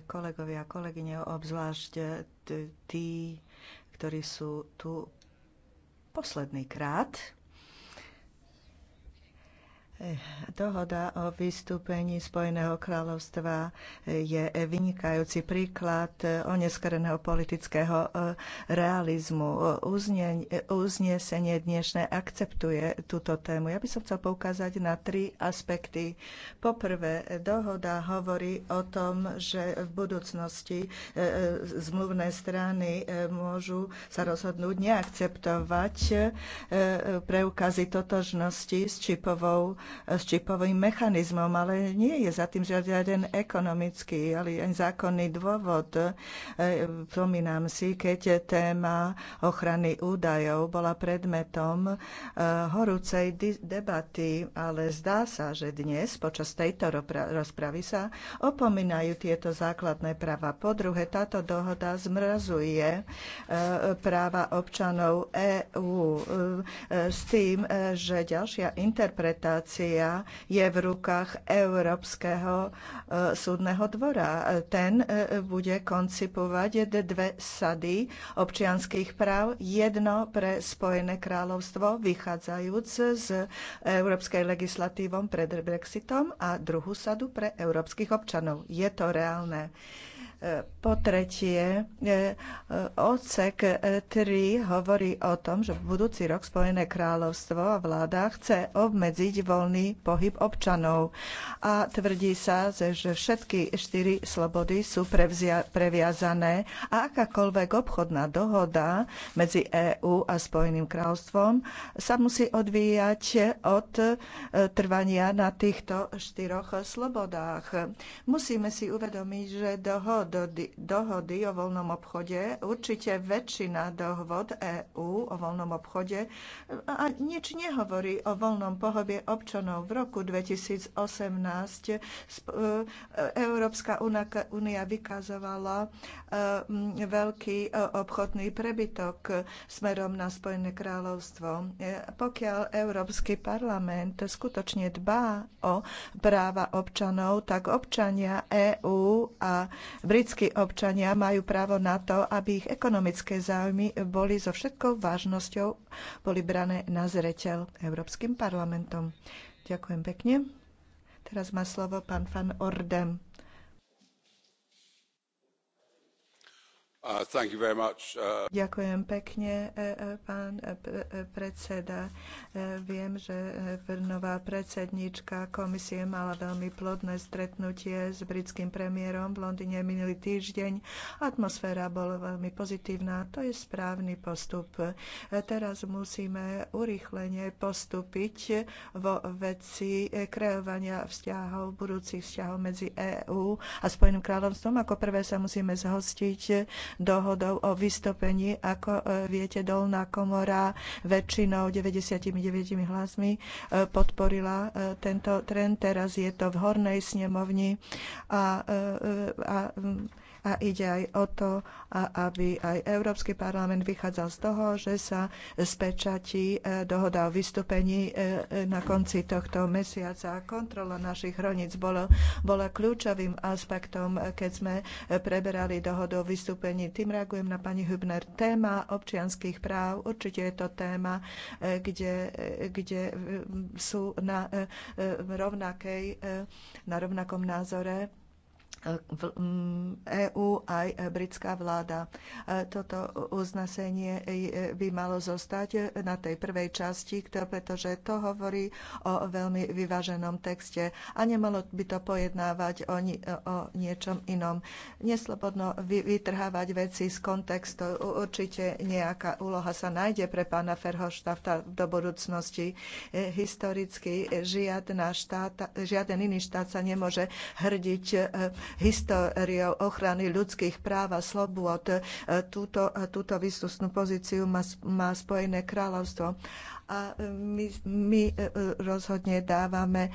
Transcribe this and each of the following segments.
Kolegovia a kolegyne, obzvlášť tí, ktorí sú tu posledný krát, Eh, dohoda o vystúpení Spojeného kráľovstva eh, je eh, vynikajúci príklad oneskoreného politického realizmu. uznesenie dnešné akceptuje túto tému. Ja by som chcel poukázať na tri aspekty. Poprvé, dohoda hovorí o tom, že v budúcnosti zmluvné strany môžu sa rozhodnúť neakceptovať preukazy totožnosti s čipovou s čipovým mechanizmom, ale nie je za tým žiaden ekonomický, ale aj zákonný dôvod. E, Pomínam si, keď téma ochrany údajov bola predmetom e, horúcej debaty, ale zdá sa, že dnes počas tejto rozpravy sa opomínajú tieto základné práva. Po druhé, táto dohoda zmrazuje e, práva občanov EÚ s tým, že ďalšia interpretácia jurisdikcia je v rukách Európskeho e, súdneho dvora. Ten e, bude koncipovať dve sady občianských práv, jedno pre Spojené kráľovstvo, vychádzajúc z európskej legislatívom pred Brexitom a druhú sadu pre európskych občanov. Je to reálne. Po tretie, e, e, odsek 3 hovorí o tom, že v budúci rok Spojené kráľovstvo a vláda chce obmedziť voľný pohyb občanov a tvrdí sa, že všetky štyri slobody sú prevzia, previazané a akákoľvek obchodná dohoda medzi EÚ a Spojeným kráľovstvom sa musí odvíjať od e, trvania na týchto štyroch slobodách. Musíme si uvedomiť, že dohod dohody, dohody o voľnom obchode, určite väčšina dohod EÚ o voľnom obchode a nič nehovorí o voľnom pohobe občanov. V roku 2018 e, Európska únia vykazovala e, veľký e, obchodný prebytok smerom na Spojené kráľovstvo. Pokiaľ Európsky parlament skutočne dbá o práva občanov, tak občania EÚ a Británia britskí občania majú právo na to, aby ich ekonomické záujmy boli so všetkou vážnosťou boli brané na zreteľ Európskym parlamentom. Ďakujem pekne. Teraz má slovo pán Van Ordem. Uh, uh, Ďakujem pekne, e, e, pán e, predseda. Viem, že nová predsednička komisie mala veľmi plodné stretnutie s britským premiérom v Londýne minulý týždeň. Atmosféra bola veľmi pozitívna. To je správny postup. Teraz musíme urychlenie postúpiť vo veci kreovania vzťahov, budúcich vzťahov medzi EÚ a Spojeným kráľovstvom. Ako prvé sa musíme zhostiť dohodou o vystúpení. Ako e, viete, dolná komora väčšinou 99 hlasmi e, podporila e, tento trend. Teraz je to v hornej snemovni a, a, a a ide aj o to, aby aj Európsky parlament vychádzal z toho, že sa spečatí e, dohoda o vystúpení e, e, na konci tohto mesiaca. Kontrola našich hraníc bola, bola kľúčovým aspektom, keď sme preberali dohodu o vystúpení. Tým reagujem na pani Hübner. Téma občianských práv, určite je to téma, kde, kde sú na rovnakej, na rovnakom názore Mm, EÚ aj britská vláda. E, toto uznesenie e, by malo zostať na tej prvej časti, pretože to hovorí o veľmi vyváženom texte a nemalo by to pojednávať o, ni- o niečom inom. Neslobodno vy- vytrhávať veci z kontextu. Určite nejaká úloha sa nájde pre pána Ferhoštafta do budúcnosti. E, historicky žiadna štáta, žiaden iný štát sa nemôže hrdiť históriou ochrany ľudských práv a slobôd. E, túto, e, túto výsostnú pozíciu má, má Spojené kráľovstvo a e, my, my e, e, rozhodne dávame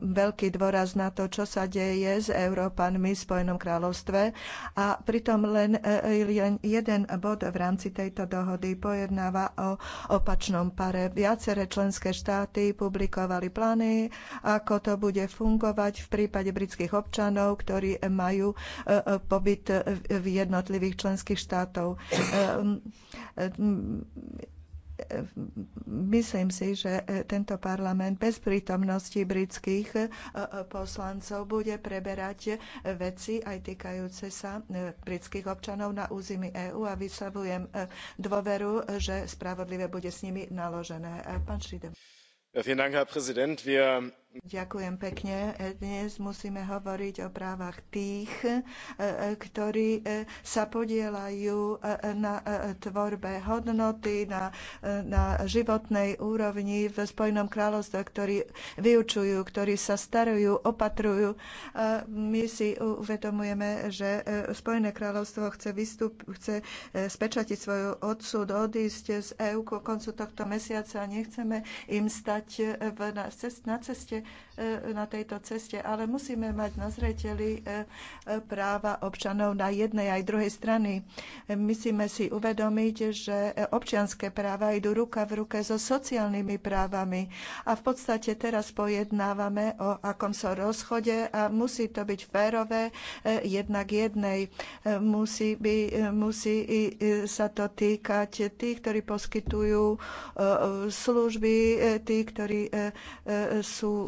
veľký dôraz na to, čo sa deje s Európanmi v Spojenom kráľovstve a pritom len, len jeden bod v rámci tejto dohody pojednáva o opačnom pare. Viaceré členské štáty publikovali plány, ako to bude fungovať v prípade britských občanov, ktorí majú pobyt v jednotlivých členských štátov Myslím si, že tento parlament bez prítomnosti britských e, e, poslancov bude preberať veci aj týkajúce sa e, britských občanov na území EÚ a vyslavujem dôveru, že spravodlivé bude s nimi naložené. Pán Wir Ďakujem pekne. Dnes musíme hovoriť o právach tých, e, ktorí e, sa podielajú e, na tvorbe hodnoty, na, na životnej úrovni v Spojenom kráľovstve, ktorí vyučujú, ktorí sa starajú, opatrujú. My si uvedomujeme, že Spojené kráľovstvo chce, vystup, chce spečatiť svoju odsud, odísť z EU ku koncu tohto mesiaca. a Nechceme im stať v, na, cest, na ceste ceste, na tejto ceste, ale musíme mať na zreteli e, e, práva občanov na jednej aj druhej strany. Musíme si uvedomiť, že občianské práva idú ruka v ruke so sociálnymi právami a v podstate teraz pojednávame o akomso rozchode a musí to byť férové e, jednak jednej. Musí, by, musí sa to týkať tých, ktorí poskytujú služby, tí, ktorí sú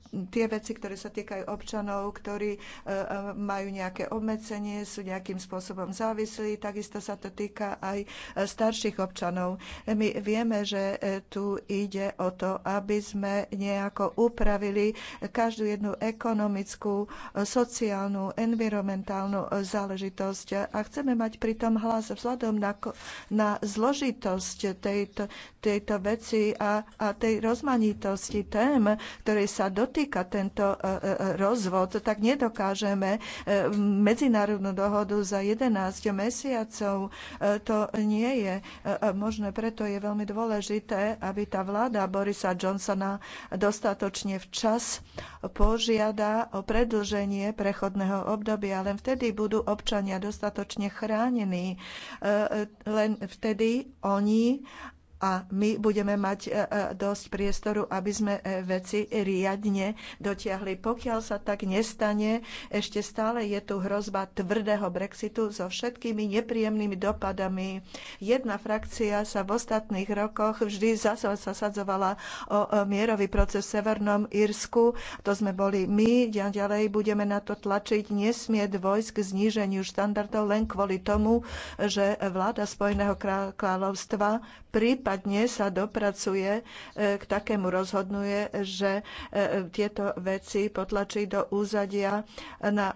tie veci, ktoré sa týkajú občanov, ktorí e, e, majú nejaké obmedzenie, sú nejakým spôsobom závislí. Takisto sa to týka aj e, starších občanov. My vieme, že tu ide o to, aby sme nejako upravili každú jednu ekonomickú, sociálnu, environmentálnu záležitosť a chceme mať pritom hlas vzhľadom na, na zložitosť tejto, tejto veci a, a tej rozmanitosti tém, ktoré sa dotýkajú týka tento e, e, e, rozvod, tak nedokážeme medzinárodnú dohodu za 11 mesiacov. To nie je možné, preto je veľmi dôležité, aby tá vláda Borisa Johnsona dostatočne včas požiada o predlženie prechodného obdobia. Len vtedy budú občania dostatočne chránení. Len vtedy oni a my budeme mať e, e, dosť priestoru, aby sme e, veci riadne dotiahli. Pokiaľ sa tak nestane, ešte stále je tu hrozba tvrdého Brexitu so všetkými nepríjemnými dopadami. Jedna frakcia sa v ostatných rokoch vždy zasadzovala o mierový proces v Severnom Írsku. To sme boli my, ďalej budeme na to tlačiť. Nesmie vojsk k zníženiu štandardov len kvôli tomu, že vláda Spojeného kráľovstva prípadne prípadne sa dopracuje e, k takému rozhodnuje, že e, tieto veci potlačí do úzadia na, e,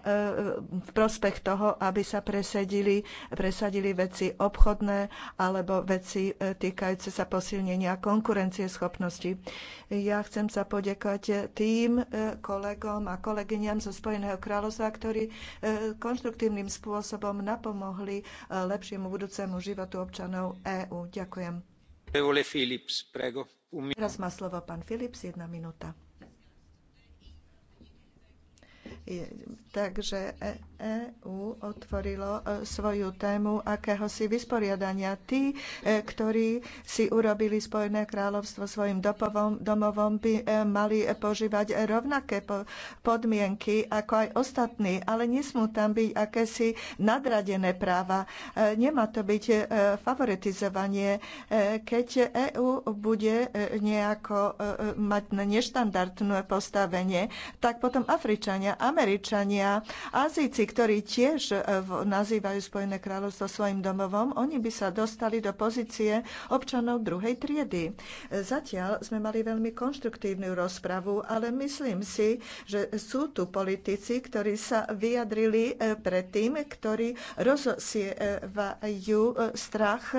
v prospech toho, aby sa presadili, presadili veci obchodné alebo veci týkajúce sa posilnenia konkurencieschopnosti. Ja chcem sa poďakovať tým kolegom a kolegyňam zo Spojeného kráľovstva, ktorí konštruktívnym spôsobom napomohli lepšiemu budúcemu životu občanov EÚ. Ďakujem. Teraz má slovo pán Philips, jedna minúta. Takže EU e otvorilo e, svoju tému akéhosi vysporiadania. Tí, e, ktorí si urobili Spojené kráľovstvo svojim dopovom, domovom, by mali požívať rovnaké podmienky ako aj ostatní, ale nesmú tam byť akési nadradené práva. Nemá to byť favoritizovanie, keď EÚ bude nejako mať neštandardné postavenie, tak potom Afričania, Američania, Azíci, ktorí tiež e, nazývajú Spojené kráľovstvo svojim domovom, oni by sa dostali do pozície občanov druhej triedy. E, zatiaľ sme mali veľmi konštruktívnu rozpravu, ale myslím si, že sú tu politici, ktorí sa vyjadrili e, pred tým, ktorí rozosievajú strach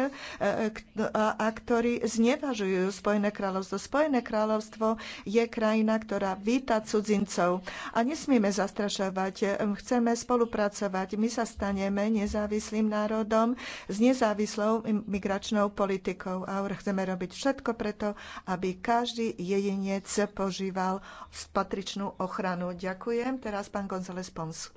a ktorí znevažujú Spojené kráľovstvo. Spojené kráľovstvo je krajina, ktorá víta cudzincov a nesmieme za zastrašovať. Hm, chceme spolupracovať. My sa staneme nezávislým národom s nezávislou migračnou politikou a chceme robiť všetko preto, aby každý jedinec požíval patričnú ochranu. Ďakujem. Teraz pán González Pons.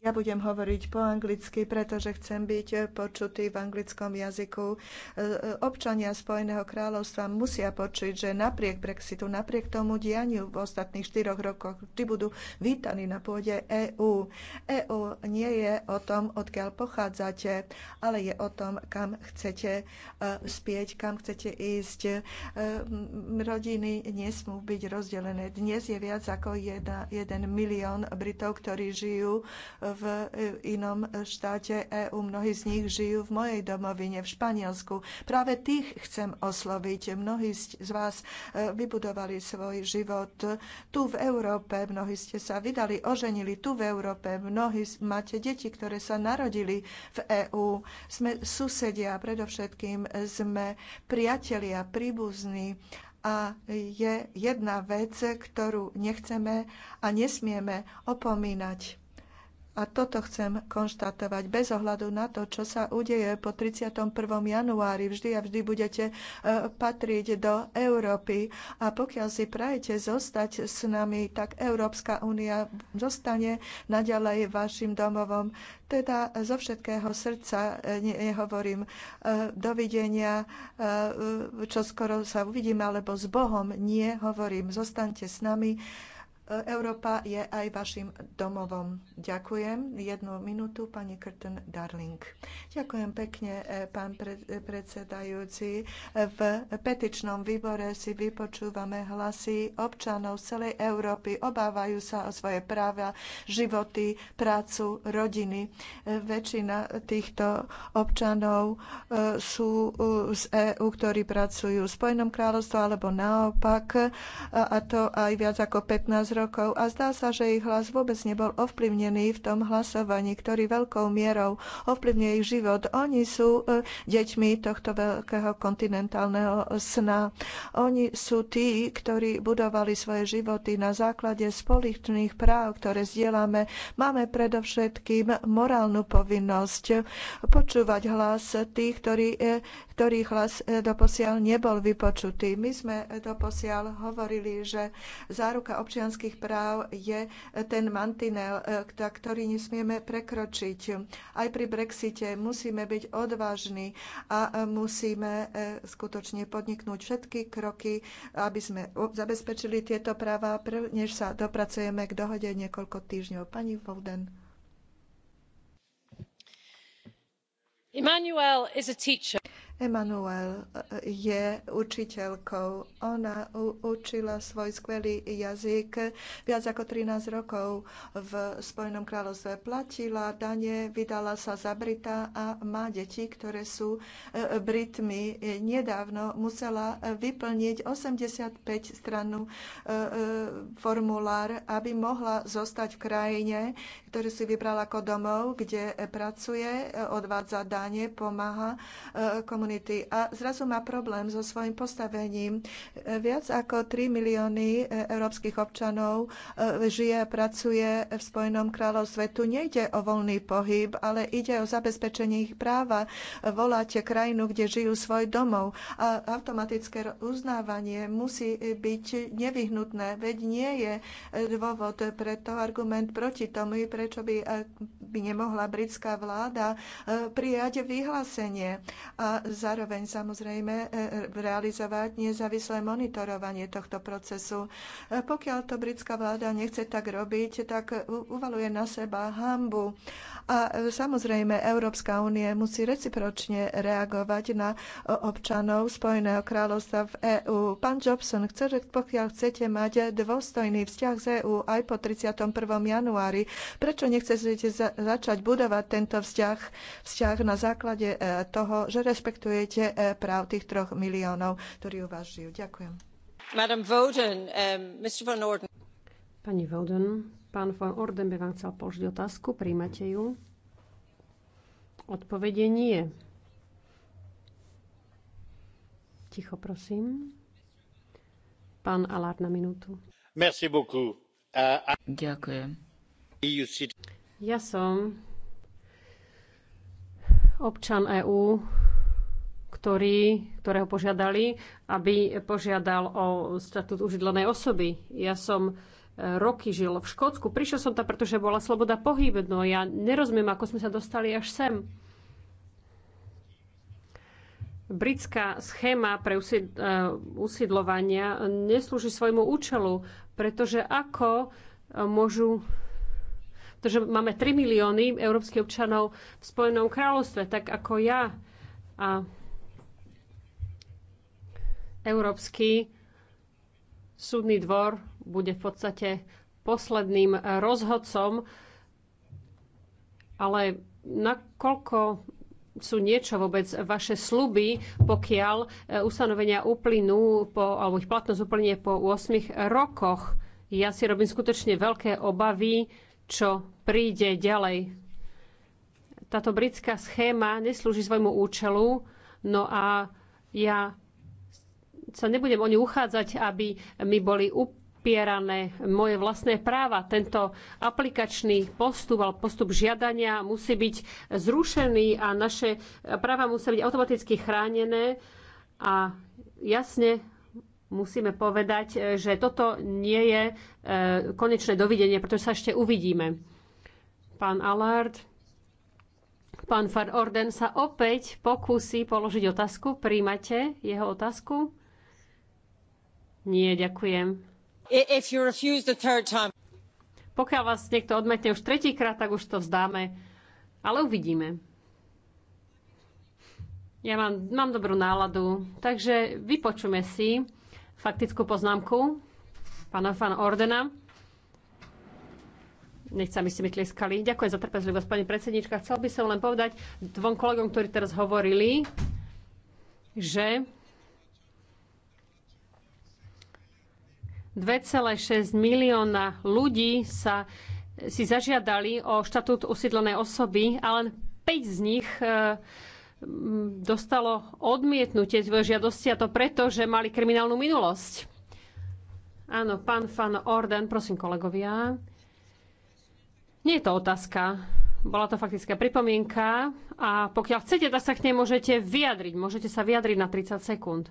Ja budem hovoriť po anglicky, pretože chcem byť počutý v anglickom jazyku. E, e, občania Spojeného kráľovstva musia počuť, že napriek Brexitu, napriek tomu dianiu v ostatných štyroch rokoch vždy budú budú vítaní na pôde EÚ. EÚ nie je o tom, odkiaľ pochádzate, ale je o tom, kam chcete e, spieť, kam chcete ísť. E, rodiny nesmú byť rozdelené. Dnes je viac ako jeden milión Britov, ktorí žijú v e, inom štáte EÚ. Mnohí z nich žijú v mojej domovine, v Španielsku. Práve tých chcem osloviť. Mnohí z vás vybudovali svoj život tu v Európe, mnohí mnohí ste sa vydali, oženili tu v Európe, mnohí máte deti, ktoré sa narodili v EÚ. Sme susedia, predovšetkým sme priatelia, príbuzní a je jedna vec, ktorú nechceme a nesmieme opomínať. A toto chcem konštatovať bez ohľadu na to, čo sa udeje po 31. januári. Vždy a vždy budete e, patriť do Európy. A pokiaľ si prajete zostať s nami, tak Európska únia zostane naďalej vašim domovom. Teda zo všetkého srdca e, nehovorím e, dovidenia, čo skoro sa uvidíme, alebo s Bohom nie hovorím. Zostaňte s nami. Európa je aj vašim domovom. Ďakujem. Jednu minútu, pani Curtin Darling. Ďakujem pekne, e, pán e, predsedajúci. V petičnom výbore si vypočúvame hlasy občanov z celej Európy. Obávajú sa o svoje práva, životy, prácu, rodiny. E, väčšina týchto občanov sú z EÚ, ktorí pracujú v Spojenom kráľovstve alebo naopak, a to aj viac ako 15 rokov rokov a zdá sa, že ich hlas vôbec nebol ovplyvnený v tom hlasovaní, ktorý veľkou mierou ovplyvňuje ich život. Oni sú e, deťmi tohto veľkého kontinentálneho sna. Oni sú tí, ktorí budovali svoje životy na základe spoločných práv, ktoré zdieľame. Máme predovšetkým morálnu povinnosť počúvať hlas tých, ktorí e, ktorých hlas e, doposiaľ nebol vypočutý. My sme e, doposiaľ hovorili, že záruka občianských práv je e, ten mantinel, ktorý nesmieme prekročiť. Aj pri Brexite musíme byť odvážni a musíme skutočne podniknúť všetky kroky, aby sme zabezpečili tieto práva, než sa dopracujeme k dohode niekoľko týždňov. Pani Volden. Emmanuel is a teacher Emanuel e, je učiteľkou. Ona učila svoj skvelý jazyk viac ako 13 rokov v Spojenom kráľovstve. Platila dane, vydala sa za Brita a má deti, ktoré sú e, Britmi. E, nedávno musela vyplniť 85-strannú formulár, aby mohla zostať v krajine, ktorý si vybral ako domov, kde e, pracuje, e, odvádza dane, pomáha e, komunity. A zrazu má problém so svojím postavením. Viac ako 3 milióny európskych občanov žije a pracuje v Spojenom kráľovstve. Tu nejde o voľný pohyb, ale ide o zabezpečenie ich práva. Voláte krajinu, kde žijú svoj domov. A automatické uznávanie musí byť nevyhnutné, veď nie je dôvod pre to argument proti tomu, pre prečo by, eh, by nemohla britská vláda eh, prijať vyhlásenie a zároveň samozrejme eh, realizovať nezávislé monitorovanie tohto procesu. Pokiaľ to britská vláda nechce tak robiť, tak uvaluje na seba hambu. A samozrejme Európska únie musí recipročne reagovať na občanov Spojeného kráľovstva v EÚ. Pán Jobson, chce, pokiaľ chcete mať dôstojný vzťah z EÚ aj po 31. januári, pre Prečo nechcete za- začať budovať tento vzťah, vzťah na základe e, toho, že rešpektujete e, práv tých troch miliónov, ktorí u vás žijú? Ďakujem. Madam Voden, um, Mr. Van Orden. Pani Voden, pán von Orden by vám chcel položiť otázku. Príjmate ju? Odpovedie nie. Ticho, prosím. Pán Alár na minútu. Merci beaucoup. Uh, I... Ďakujem E ja som občan EÚ, ktorý, ktorého požiadali, aby požiadal o statut užidlenej osoby. Ja som e, roky žil v Škótsku. Prišiel som tam, pretože bola sloboda pohybno ja nerozumiem, ako sme sa dostali až sem. Britská schéma pre usiedlovania neslúži svojmu účelu, pretože ako môžu pretože máme 3 milióny európskych občanov v Spojenom kráľovstve, tak ako ja. A Európsky súdny dvor bude v podstate posledným rozhodcom, ale nakoľko sú niečo vôbec vaše sluby, pokiaľ e, ustanovenia uplynú po, alebo ich platnosť uplynie po 8 rokoch. Ja si robím skutočne veľké obavy, čo príde ďalej. Táto britská schéma neslúži svojmu účelu, no a ja sa nebudem o ňu uchádzať, aby mi boli upierané moje vlastné práva. Tento aplikačný postup alebo postup žiadania musí byť zrušený a naše práva musia byť automaticky chránené a jasne musíme povedať, e, že toto nie je e, konečné dovidenie, pretože sa ešte uvidíme. Pán Allard, pán Far Orden sa opäť pokúsi položiť otázku. Príjmate jeho otázku? Nie, ďakujem. Time... Pokiaľ vás niekto odmetne už tretíkrát, tak už to vzdáme. Ale uvidíme. Ja mám, mám dobrú náladu, takže vypočujme si faktickú poznámku pána Fan Ordena. Nechcem, aby ste mi tlieskali. Ďakujem za trpezlivosť, pani predsednička. Chcel by som len povedať dvom kolegom, ktorí teraz hovorili, že 2,6 milióna ľudí sa, si zažiadali o štatút usídlenej osoby a len 5 z nich e, dostalo odmietnutie svoje žiadosti a to preto, že mali kriminálnu minulosť. Áno, pán Fan Orden, prosím kolegovia. Nie je to otázka. Bola to faktická pripomienka a pokiaľ chcete, tak sa k nej môžete vyjadriť. Môžete sa vyjadriť na 30 sekúnd.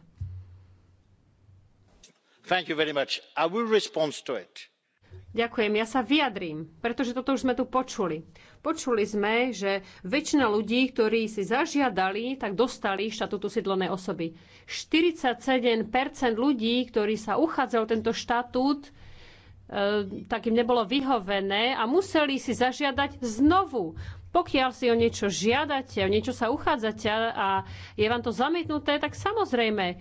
Thank you very much. I will respond to it Ďakujem, ja sa vyjadrím, pretože toto už sme tu počuli. Počuli sme, že väčšina ľudí, ktorí si zažiadali, tak dostali štatút usídlenej osoby. 47% ľudí, ktorí sa uchádzali tento štatút, e, tak im nebolo vyhovené a museli si zažiadať znovu. Pokiaľ si o niečo žiadate, o niečo sa uchádzate a je vám to zamietnuté, tak samozrejme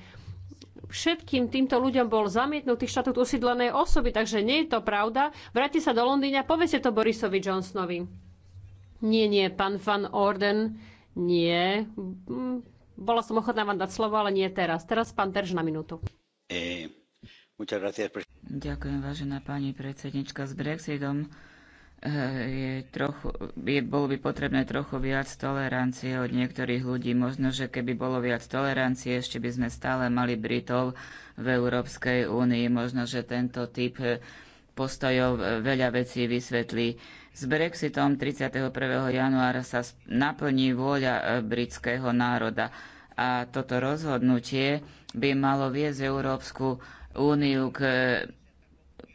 všetkým týmto ľuďom bol zamietnutý štatút usídlenej osoby, takže nie je to pravda. Vráte sa do Londýna a povedzte to Borisovi Johnsonovi. Nie, nie, pán Van Orden, nie. Mm, bola som ochotná vám dať slovo, ale nie teraz. Teraz pán Terž na minútu. Eh, Ďakujem, vážená pani predsednička. S Brexitom Eh, je trochu, je, bolo by potrebné trochu viac tolerancie od niektorých ľudí. Možno, že keby bolo viac tolerancie, ešte by sme stále mali Britov v Európskej únii. Možno, že tento typ eh, postojov eh, veľa vecí vysvetlí. S Brexitom 31. januára sa naplní vôľa britského národa a toto rozhodnutie by malo viesť Európsku úniu k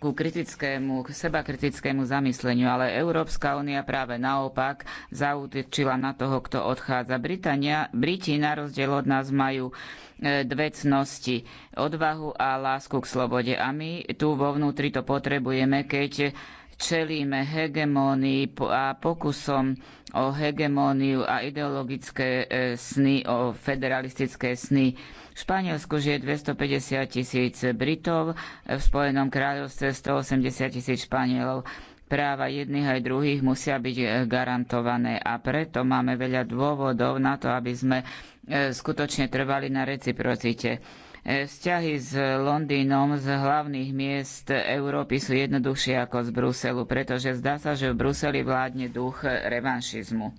ku kritickému, k sebakritickému zamysleniu, ale Európska únia práve naopak zaútočila na toho, kto odchádza. Britania, Briti na rozdiel od nás majú e, dve cnosti, odvahu a lásku k slobode. A my tu vo vnútri to potrebujeme, keď čelíme hegemónii a pokusom o hegemóniu a ideologické e, sny, o federalistické sny. V Španielsku žije 250 tisíc Britov, v Spojenom kráľovstve 180 tisíc Španielov. Práva jedných aj druhých musia byť e, garantované a preto máme veľa dôvodov na to, aby sme e, skutočne trvali na reciprocite E, vzťahy s Londýnom z hlavných miest Európy sú jednoduchšie ako z Bruselu, pretože zdá sa, že v Bruseli vládne duch revanšizmu.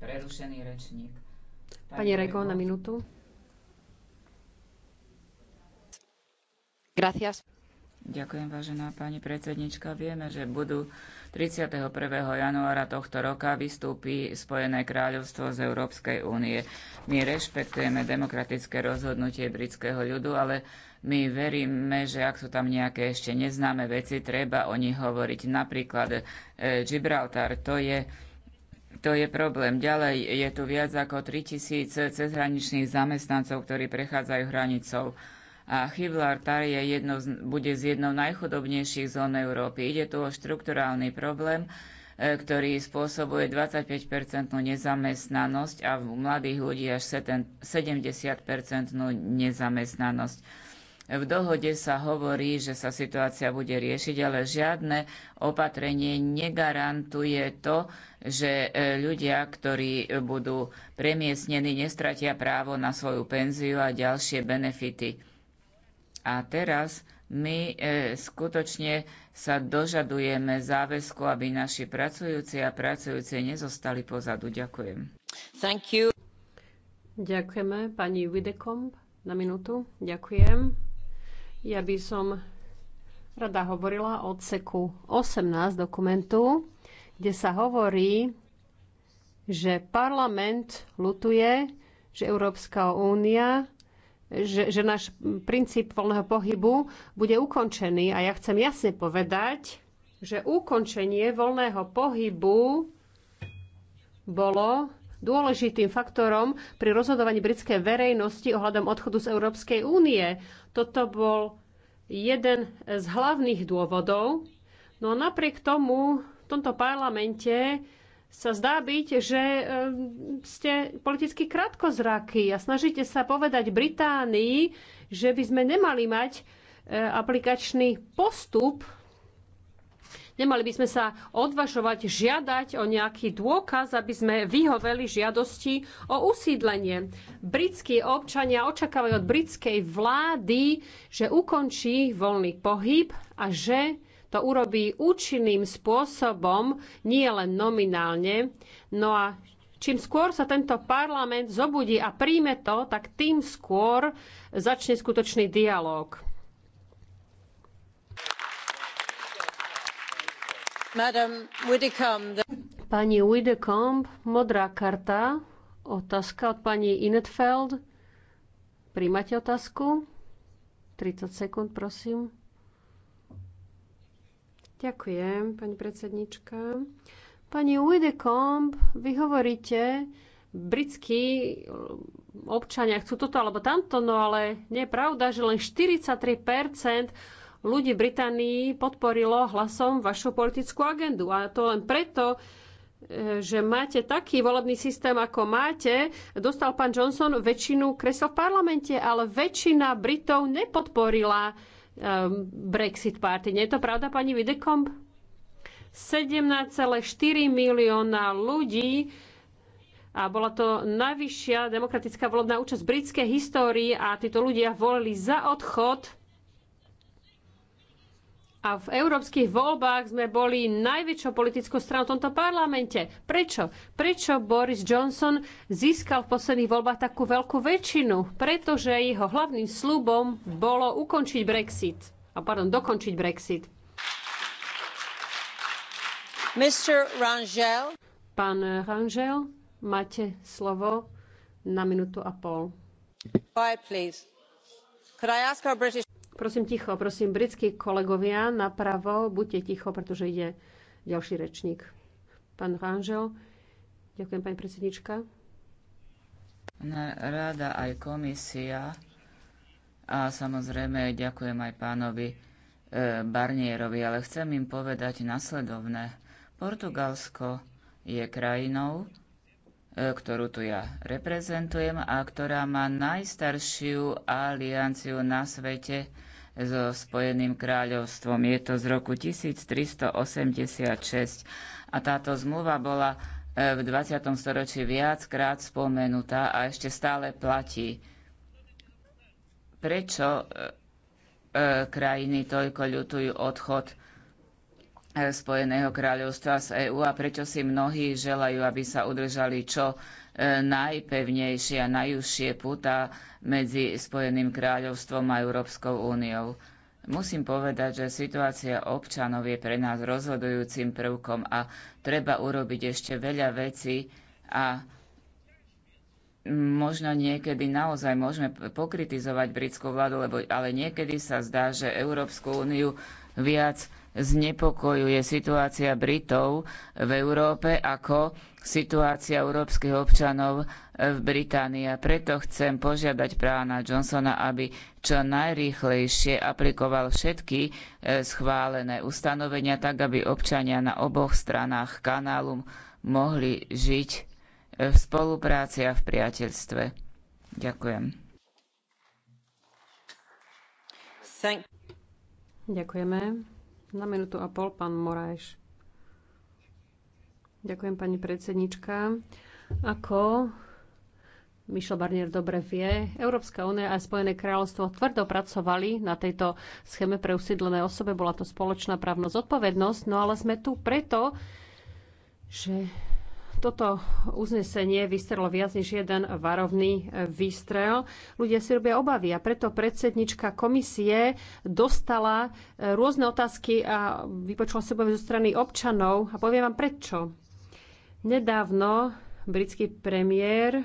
Prerušený rečník. Pani, Rego, na minútu. Gracias. Ďakujem, vážená pani predsednička. Vieme, že budú 31. januára tohto roka vystúpi Spojené kráľovstvo z Európskej únie. My rešpektujeme demokratické rozhodnutie britského ľudu, ale my veríme, že ak sú tam nejaké ešte neznáme veci, treba o nich hovoriť. Napríklad e, Gibraltar, to je to je problém. Ďalej je tu viac ako 3000 cezhraničných zamestnancov, ktorí prechádzajú hranicou a Gibraltar je jedno, bude z jednou najchudobnejších zón Európy. Ide tu o štrukturálny problém, e, ktorý spôsobuje 25-percentnú nezamestnanosť a u mladých ľudí až 70-percentnú nezamestnanosť. V dohode sa hovorí, že sa situácia bude riešiť, ale žiadne opatrenie negarantuje to, že e, ľudia, ktorí budú premiesnení, nestratia právo na svoju penziu a ďalšie benefity. A teraz my e, skutočne sa dožadujeme záväzku, aby naši pracujúci a pracujúce nezostali pozadu. Ďakujem. Thank you. Ďakujeme pani Videkom na minútu. Ďakujem. Ja by som rada hovorila o odseku 18 dokumentu, kde sa hovorí, že parlament lutuje, že Európska únia že, že náš princíp voľného pohybu bude ukončený. A ja chcem jasne povedať, že ukončenie voľného pohybu bolo dôležitým faktorom pri rozhodovaní britskej verejnosti ohľadom odchodu z Európskej únie. Toto bol jeden z hlavných dôvodov. No a napriek tomu v tomto parlamente sa zdá byť, že ehm, ste politicky krátkozraky a snažíte sa povedať Británii, že by sme nemali mať e, aplikačný postup, nemali by sme sa odvažovať žiadať o nejaký dôkaz, aby sme vyhoveli žiadosti o usídlenie. Britskí občania očakávajú od britskej vlády, že ukončí voľný pohyb a že to urobí účinným spôsobom, nie len nominálne. No a čím skôr sa tento parlament zobudí a príjme to, tak tým skôr začne skutočný dialog. Pani Widekomb, modrá karta, otázka od pani Inetfeld. Príjmate otázku? 30 sekúnd, prosím. Ďakujem, pani predsednička. Pani Uedekomb, vy hovoríte, britskí občania chcú toto alebo tamto, no ale nie je pravda, že len 43% ľudí v Británii podporilo hlasom vašu politickú agendu. A to len preto, že máte taký volebný systém, ako máte. Dostal pán Johnson väčšinu kresel v parlamente, ale väčšina Britov nepodporila Ehm, Brexit Party. Nie je to pravda, pani Videkomp? 17,4 milióna ľudí a bola to najvyššia demokratická volebná účasť v britskej histórii a títo ľudia volili za odchod a v európskych voľbách sme boli najväčšou politickou stranou v tomto parlamente. Prečo? Prečo Boris Johnson získal v posledných voľbách takú veľkú väčšinu? Pretože jeho hlavným slubom bolo ukončiť Brexit. A pardon, dokončiť Brexit. Mr. Rangel. Pán Rangel, máte slovo na minútu a pol. Quiet, please. Could I ask our British Prosím ticho, prosím britskí kolegovia napravo, buďte ticho, pretože ide ďalší rečník. Pán Rangel, ďakujem pani predsednička. Rada aj komisia a samozrejme ďakujem aj pánovi e, Barnierovi, ale chcem im povedať nasledovné. Portugalsko je krajinou, e, ktorú tu ja reprezentujem a ktorá má najstaršiu alianciu na svete so Spojeným kráľovstvom. Je to z roku 1386 a táto zmluva bola e, v 20. storočí viackrát spomenutá a ešte stále platí. Prečo e, e, krajiny toľko ľutujú odchod Spojeného kráľovstva z EÚ a prečo si mnohí želajú, aby sa udržali čo E, najpevnejšie a najúžšie puta medzi Spojeným kráľovstvom a Európskou úniou. Musím povedať, že situácia občanov je pre nás rozhodujúcim prvkom a treba urobiť ešte veľa vecí a možno niekedy naozaj môžeme pokritizovať britskú vládu, lebo, ale niekedy sa zdá, že Európsku úniu viac znepokojuje situácia Britov v Európe ako situácia európskych občanov v Británii. A preto chcem požiadať pána Johnsona, aby čo najrýchlejšie aplikoval všetky e, schválené ustanovenia, tak aby občania na oboch stranách kanálu mohli žiť e, v spolupráci a v priateľstve. Ďakujem. Ďakujeme. Na minútu a pol pán Morajš. Ďakujem, pani predsednička. Ako Michel Barnier dobre vie, Európska únia a Spojené kráľovstvo tvrdo pracovali na tejto schéme pre usídlené osobe. Bola to spoločná právna zodpovednosť, no ale sme tu preto, že toto uznesenie vystrelo viac než jeden varovný e, výstrel. Ľudia si robia obavy a preto predsednička komisie dostala e, rôzne otázky a vypočula sa obavy zo strany občanov a poviem vám prečo. Nedávno britský premiér, e,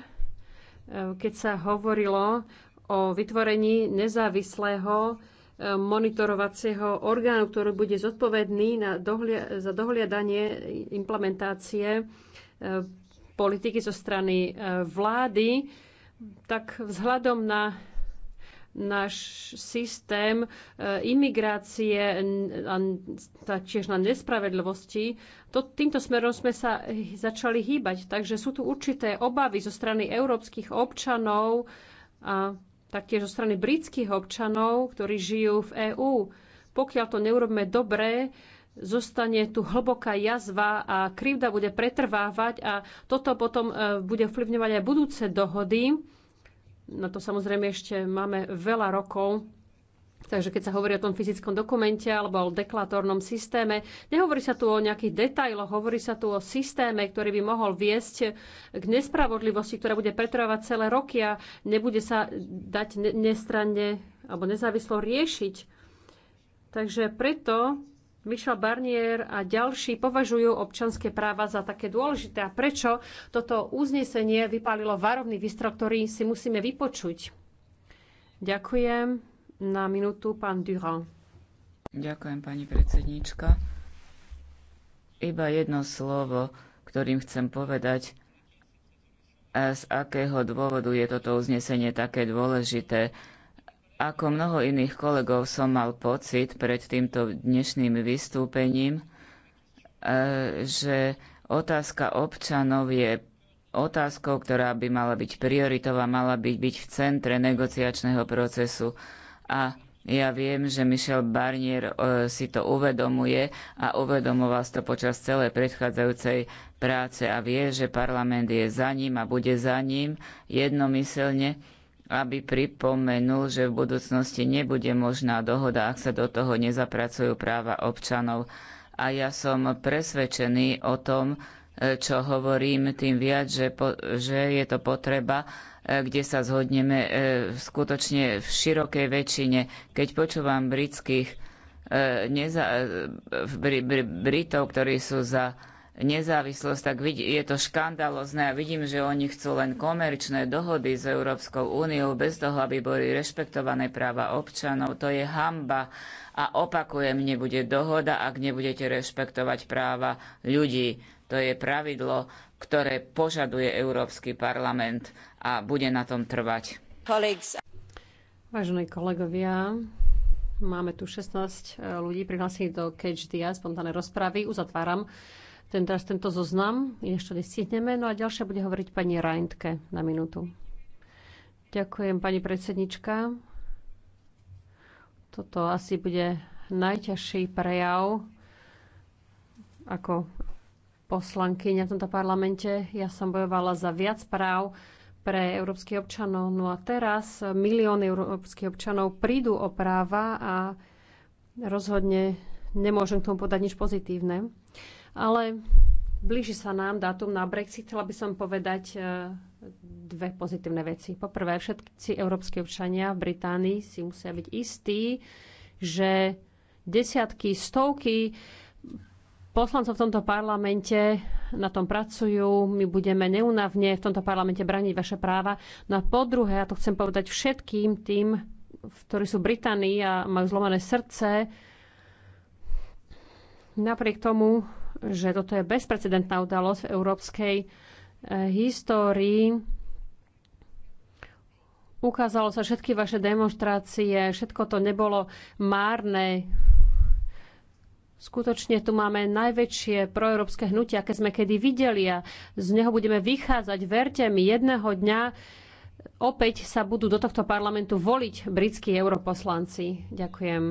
keď sa hovorilo o vytvorení nezávislého monitorovacieho orgánu, ktorý bude zodpovedný na dohlia- za dohliadanie implementácie Eh, politiky zo strany eh, vlády, tak vzhľadom na náš systém eh, imigrácie a tiež na nespravedlivosti, to, týmto smerom sme sa začali hýbať. Takže sú tu určité obavy zo strany európskych občanov a taktiež zo strany britských občanov, ktorí žijú v EÚ. Pokiaľ to neurobíme dobre, zostane tu hlboká jazva a krivda bude pretrvávať a toto potom e, bude vplyvňovať aj budúce dohody. Na no to samozrejme ešte máme veľa rokov. Takže keď sa hovorí o tom fyzickom dokumente alebo o deklatornom systéme, nehovorí sa tu o nejakých detailoch, hovorí sa tu o systéme, ktorý by mohol viesť k nespravodlivosti, ktorá bude pretrvávať celé roky a nebude sa dať nestranne alebo nezávislo riešiť. Takže preto Michel Barnier a ďalší považujú občanské práva za také dôležité. A prečo toto uznesenie vypálilo varovný výstrel, ktorý si musíme vypočuť? Ďakujem. Na minútu pán Durand. Ďakujem, pani predsednička. Iba jedno slovo, ktorým chcem povedať, z akého dôvodu je toto uznesenie také dôležité. Ako mnoho iných kolegov som mal pocit pred týmto dnešným vystúpením, e, že otázka občanov je otázkou, ktorá by mala byť prioritová, mala by byť v centre negociačného procesu. A ja viem, že Michel Barnier e, si to uvedomuje a uvedomoval to počas celej predchádzajúcej práce a vie, že parlament je za ním a bude za ním jednomyselne aby pripomenul, že v budúcnosti nebude možná dohoda, ak sa do toho nezapracujú práva občanov. A ja som presvedčený o tom, e, čo hovorím, tým viac, že, po, že je to potreba, e, kde sa zhodneme e, skutočne v širokej väčšine. Keď počúvam britských neza, Britov, ktorí sú za nezávislosť, tak je to škandalozne a vidím, že oni chcú len komerčné dohody s Európskou úniou bez toho, aby boli rešpektované práva občanov. To je hamba a opakujem, nebude dohoda, ak nebudete rešpektovať práva ľudí. To je pravidlo, ktoré požaduje Európsky parlament a bude na tom trvať. Vážení kolegovia, máme tu 16 eh, ľudí prihlásených do Catch Eye, spontánnej rozpravy. Uzatváram ten, teraz tento zoznam, ešte stihneme. No a ďalšia bude hovoriť pani Reintke na minútu. Ďakujem, pani predsednička. Toto asi bude najťažší prejav ako poslankyňa v tomto parlamente. Ja som bojovala za viac práv pre európskych občanov. No a teraz milióny európskych občanov prídu o práva a rozhodne nemôžem k tomu podať nič pozitívne ale blíži sa nám dátum na Brexit. Chcela by som povedať e, dve pozitívne veci. Poprvé, všetci európske občania v Británii si musia byť istí, že desiatky, stovky poslancov v tomto parlamente na tom pracujú. My budeme neunavne v tomto parlamente braniť vaše práva. No a po druhé, ja to chcem povedať všetkým tým, ktorí sú v Británii a majú zlomené srdce, napriek tomu že toto je bezprecedentná udalosť v európskej eh, histórii. Ukázalo sa všetky vaše demonstrácie, všetko to nebolo márne. Skutočne tu máme najväčšie proeurópske hnutia, aké sme kedy videli a z neho budeme vychádzať. Verte mi, jedného dňa opäť sa budú do tohto parlamentu voliť britskí europoslanci. Ďakujem.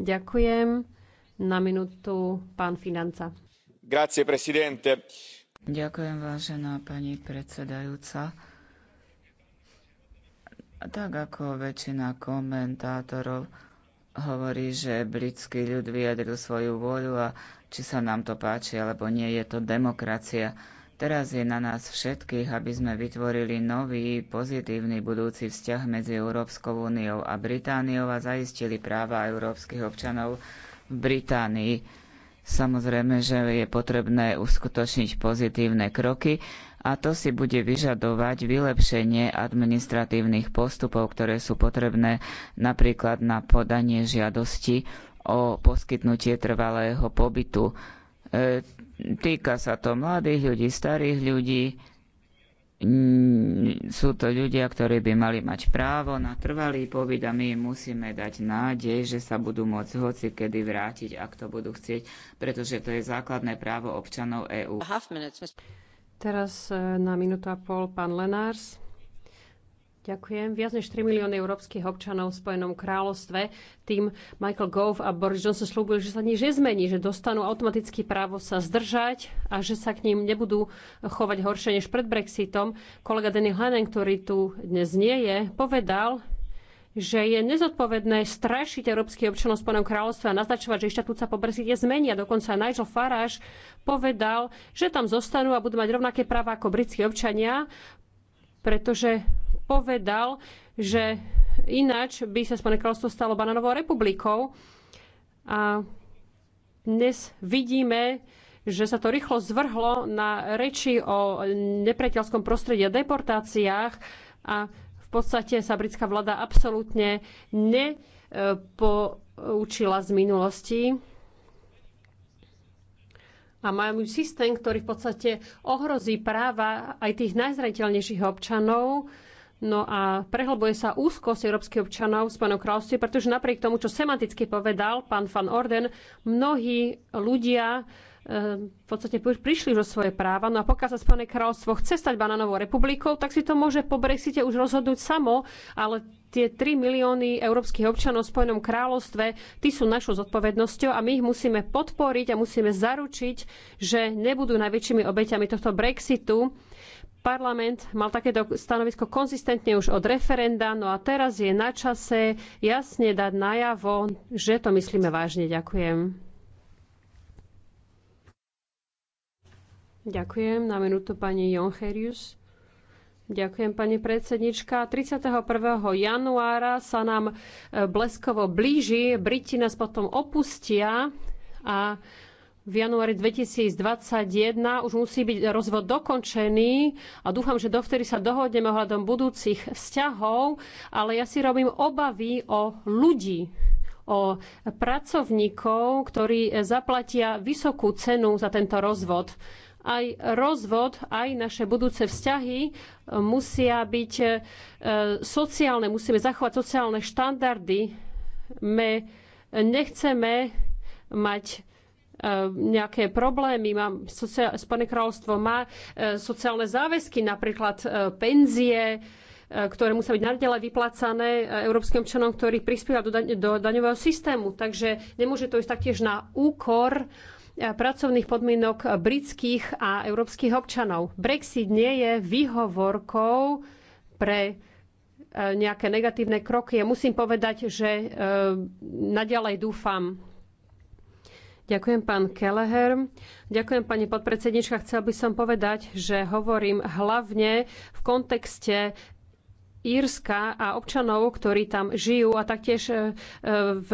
Ďakujem. Na minútu pán Financa. Ďakujem, vážená pani predsedajúca. Tak ako väčšina komentátorov hovorí, že britský ľud vyjadril svoju vôľu a či sa nám to páči alebo nie, je to demokracia. Teraz je na nás všetkých, aby sme vytvorili nový, pozitívny budúci vzťah medzi Európskou úniou a Britániou a zaistili práva európskych občanov v Británii Samozrejme, že je potrebné uskutočniť pozitívne kroky a to si bude vyžadovať vylepšenie administratívnych postupov, ktoré sú potrebné napríklad na podanie žiadosti o poskytnutie trvalého pobytu. E, týka sa to mladých ľudí, starých ľudí, Mm, sú to ľudia, ktorí by mali mať právo na trvalý pobyt a my im musíme dať nádej, že sa budú môcť hoci kedy vrátiť, ak to budú chcieť, pretože to je základné právo občanov EÚ. Teraz eh, na minútu a pol pán Lenárs. Ďakujem. Viac než 3 milióny európskych občanov v Spojenom kráľovstve tým Michael Gove a Boris Johnson slúbili, že sa nič nezmení, že dostanú automaticky právo sa zdržať a že sa k ním nebudú chovať horšie než pred Brexitom. Kolega Danny Hannan, ktorý tu dnes nie je, povedal, že je nezodpovedné strašiť európskych občanov Spojeného kráľovstva a naznačovať, že ešte tu sa po Brexite zmenia. Dokonca Nigel Farage povedal, že tam zostanú a budú mať rovnaké práva ako britskí občania, pretože povedal, že ináč by sa Spojené kráľovstvo stalo bananovou republikou. A dnes vidíme, že sa to rýchlo zvrhlo na reči o nepriateľskom prostredí a deportáciách a v podstate sa britská vláda absolútne nepoučila z minulosti a majú systém, ktorý v podstate ohrozí práva aj tých najzraniteľnejších občanov. No a prehlbuje sa úzkosť európskych občanov v pánom kráľovstve, pretože napriek tomu, čo semanticky povedal pán Van Orden, mnohí ľudia e, v podstate prišli o svoje práva. No a pokiaľ sa Spojené kráľovstvo chce stať bananovou republikou, tak si to môže po Brexite už rozhodnúť samo, ale tie 3 milióny európskych občanov v Spojenom kráľovstve, tí sú našou zodpovednosťou a my ich musíme podporiť a musíme zaručiť, že nebudú najväčšími obeťami tohto Brexitu Parlament mal takéto stanovisko konzistentne už od referenda, no a teraz je na čase jasne dať najavo, že to myslíme vážne. Ďakujem. Ďakujem. Na minútu pani Jonherius. Ďakujem, pani predsednička. 31. januára sa nám e, bleskovo blíži. Briti nás potom opustia a v januári 2021 už musí byť rozvod dokončený a dúfam, že dovtedy sa dohodneme ohľadom budúcich vzťahov, ale ja si robím obavy o ľudí, o pracovníkov, ktorí zaplatia vysokú cenu za tento rozvod. Aj rozvod, aj naše budúce vzťahy musia byť e, sociálne, musíme zachovať sociálne štandardy. My nechceme mať nejaké problémy. Má, Spojené kráľovstvo má e, sociálne záväzky, napríklad e, penzie, e, ktoré musia byť nadalej vyplácané európskym občanom, ktorí prispievajú do, daň, do daňového systému. Takže nemôže to ísť taktiež na úkor pracovných podmienok britských a európskych občanov. Brexit nie je výhovorkou pre nejaké negatívne kroky. Ja musím povedať, že naďalej dúfam Ďakujem, pán Keleher. Ďakujem, pani podpredsednička. Chcel by som povedať, že hovorím hlavne v kontekste Írska a občanov, ktorí tam žijú a taktiež e, v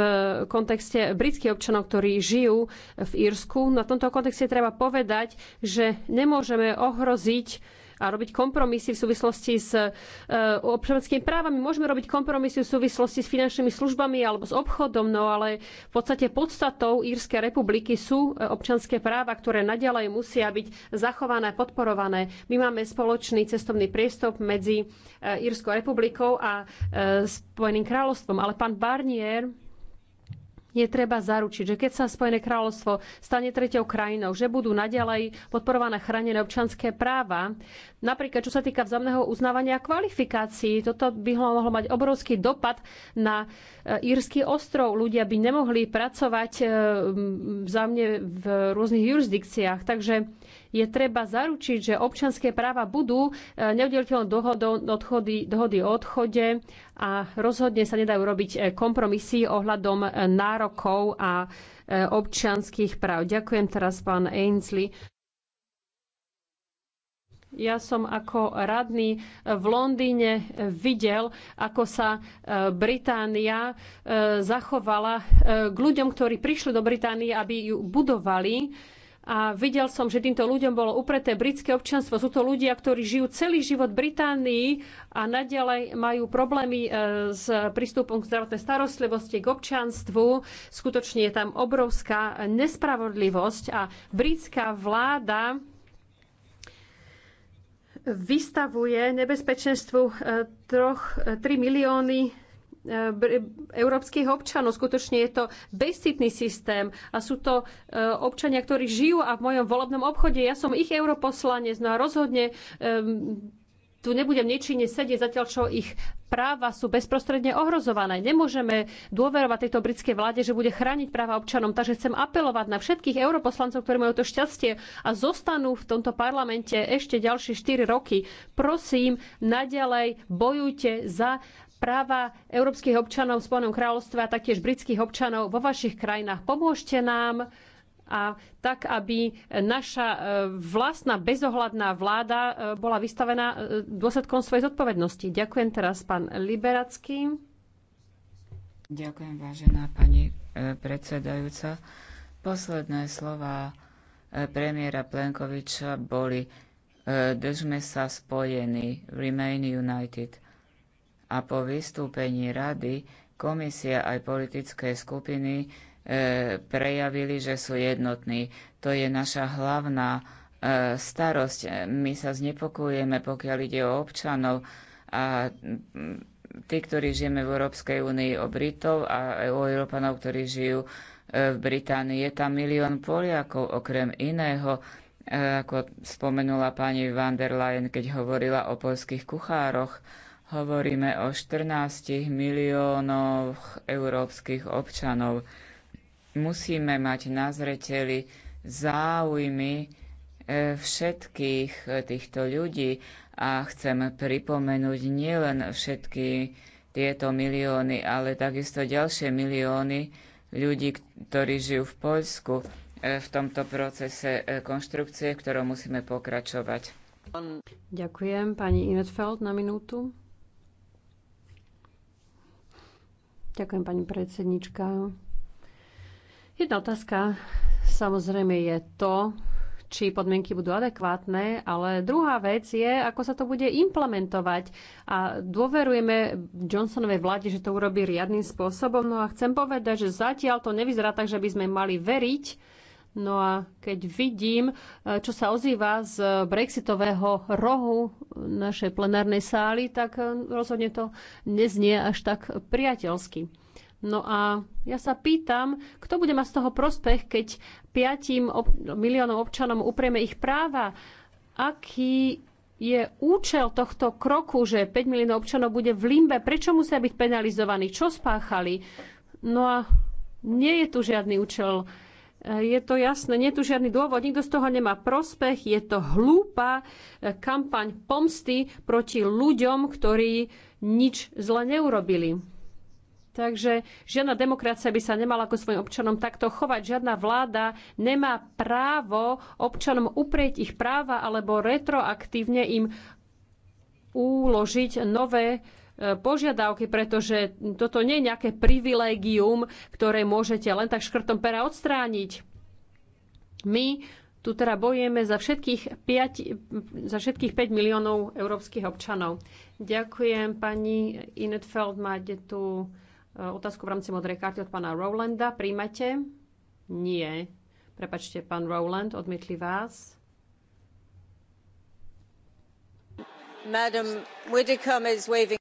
kontexte britských občanov, ktorí žijú v Írsku. Na tomto kontexte treba povedať, že nemôžeme ohroziť a robiť kompromisy v súvislosti s e, občanskými právami. Môžeme robiť kompromisy v súvislosti s finančnými službami alebo s obchodom, no ale v podstate podstatou Írskej republiky sú e, občanské práva, ktoré naďalej musia byť zachované, podporované. My máme spoločný cestovný priestup medzi e, Írskou republikou a Spojeným kráľovstvom, ale pán Barnier je treba zaručiť, že keď sa Spojené kráľovstvo stane tretou krajinou, že budú naďalej podporované chránené občanské práva. Napríklad, čo sa týka vzamného uznávania kvalifikácií, toto by mohlo mať obrovský dopad na e, Írsky ostrov. Ľudia by nemohli pracovať e, vzájomne v rôznych jurisdikciách. Takže je treba zaručiť, že občanské práva budú e, neudeliteľnou dohodou odchody, dohody o odchode a rozhodne sa nedajú robiť e, kompromisy ohľadom e, nárokov a občanských práv. Ďakujem teraz pán Ainsley. Ja som ako radný v Londýne videl, ako sa Británia zachovala k ľuďom, ktorí prišli do Británie, aby ju budovali a videl som, že týmto ľuďom bolo upreté britské občanstvo. Sú to ľudia, ktorí žijú celý život v Británii a nadalej majú problémy e, s prístupom k zdravotnej starostlivosti, k občanstvu. Skutočne je tam obrovská nespravodlivosť a britská vláda vystavuje nebezpečenstvu e, troch 3 e, milióny európskych občanov. Skutočne je to bezcitný systém a sú to e, občania, ktorí žijú a v mojom volebnom obchode ja som ich europoslanec, no a rozhodne tu nebudem nečine sedieť, zatiaľ čo ich práva sú bezprostredne ohrozované. Nemôžeme dôverovať tejto britskej vláde, že bude chrániť práva občanom. Takže chcem apelovať na všetkých europoslancov, ktorí majú to šťastie a zostanú v tomto parlamente ešte ďalšie 4 roky. Prosím, naďalej bojujte za práva európskych občanov v Spojenom kráľovstve a taktiež britských občanov vo vašich krajinách. Pomôžte nám a tak, aby naša e, vlastná bezohľadná vláda e, bola vystavená e, dôsledkom svojej zodpovednosti. Ďakujem teraz pán Liberacký. Ďakujem, vážená pani predsedajúca. Posledné slova premiéra Plenkoviča boli držme sa spojení, remain united – a po vystúpení rady komisia aj politické skupiny e, prejavili, že sú jednotní. To je naša hlavná e, starosť. My sa znepokojujeme, pokiaľ ide o občanov a tí, ktorí žijeme v Európskej únii, o Britov a o Európanov, ktorí žijú e, v Británii. Je tam milión Poliakov, okrem iného, e, ako spomenula pani van der Leyen, keď hovorila o polských kuchároch. Hovoríme o 14 miliónoch európskych občanov. Musíme mať na zreteli záujmy e, všetkých týchto ľudí a chcem pripomenúť nielen všetky tieto milióny, ale takisto ďalšie milióny ľudí, ktorí žijú v Poľsku e, v tomto procese e, konštrukcie, v ktorom musíme pokračovať. Ďakujem. Pani Inetfeld na minútu. Ďakujem, pani predsednička. Jedna otázka samozrejme je to, či podmienky budú adekvátne, ale druhá vec je, ako sa to bude implementovať. A dôverujeme Johnsonovej vláde, že to urobí riadnym spôsobom. No a chcem povedať, že zatiaľ to nevyzerá tak, že by sme mali veriť, No a keď vidím, e, čo sa ozýva z brexitového rohu našej plenárnej sály, tak e, rozhodne to neznie až tak priateľsky. No a ja sa pýtam, kto bude mať z toho prospech, keď 5 ob- miliónom občanom uprieme ich práva? Aký je účel tohto kroku, že 5 miliónov občanov bude v limbe? Prečo musia byť penalizovaní? Čo spáchali? No a nie je tu žiadny účel je to jasné, nie je tu žiadny dôvod, nikto z toho nemá prospech, je to hlúpa eh, kampaň pomsty proti ľuďom, ktorí nič zle neurobili. Takže žiadna demokracia by sa nemala ako svojim občanom takto chovať. Žiadna vláda nemá právo občanom uprieť ich práva alebo retroaktívne im uložiť nové požiadavky, pretože toto nie je nejaké privilégium, ktoré môžete len tak škrtom pera odstrániť. My tu teda bojujeme za všetkých 5, za všetkých 5 miliónov európskych občanov. Ďakujem pani Inetfeld. Máte tu e, otázku v rámci modrej karty od pána Rowlanda. Príjmate? Nie. Prepačte, pán Rowland, odmietli vás. Madam Whittaker is waving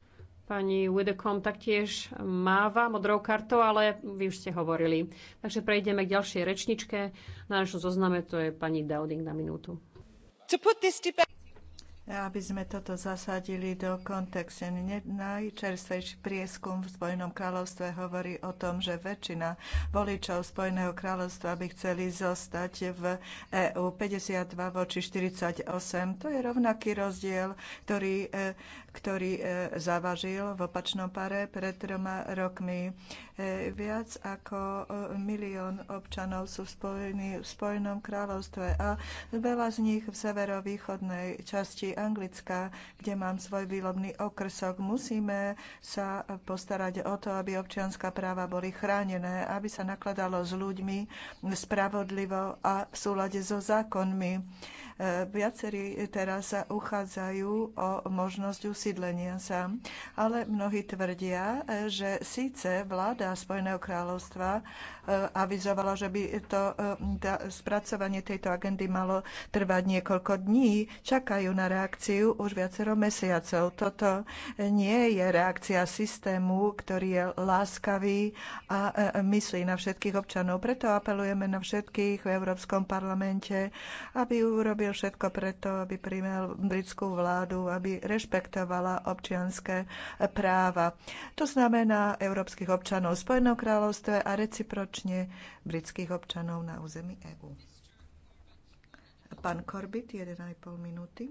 Pani Widekom taktiež máva modrou kartou, ale vy už ste hovorili. Takže prejdeme k ďalšej rečničke. Na našom zozname to je pani Dowding na minútu. Aby sme toto zasadili do kontextu, najčerstvejší prieskum v Spojenom kráľovstve hovorí o tom, že väčšina voličov Spojeného kráľovstva by chceli zostať v EÚ 52 voči 48. To je rovnaký rozdiel, ktorý e, ktorý e, zavažil v opačnom pare pred troma rokmi. E, viac ako e, milión občanov sú spojení v Spojenom kráľovstve a veľa z nich v severovýchodnej časti Anglicka, kde mám svoj výlobný okrsok. Musíme sa postarať o to, aby občianská práva boli chránené, aby sa nakladalo s ľuďmi spravodlivo a v súlade so zákonmi Viacerí teraz sa uchádzajú o možnosť usídlenia sa, ale mnohí tvrdia, že síce vláda Spojeného kráľovstva e, avizovala, že by to e, spracovanie tejto agendy malo trvať niekoľko dní, čakajú na reakciu už viacero mesiacov. Toto nie je reakcia systému, ktorý je láskavý a e, myslí na všetkých občanov. Preto apelujeme na všetkých v Európskom parlamente, aby urobili urobil všetko preto, aby primel britskú vládu, aby rešpektovala občianské práva. To znamená európskych občanov v Spojenom kráľovstve a recipročne britských občanov na území EÚ. Pán Korbit, 1,5 minúty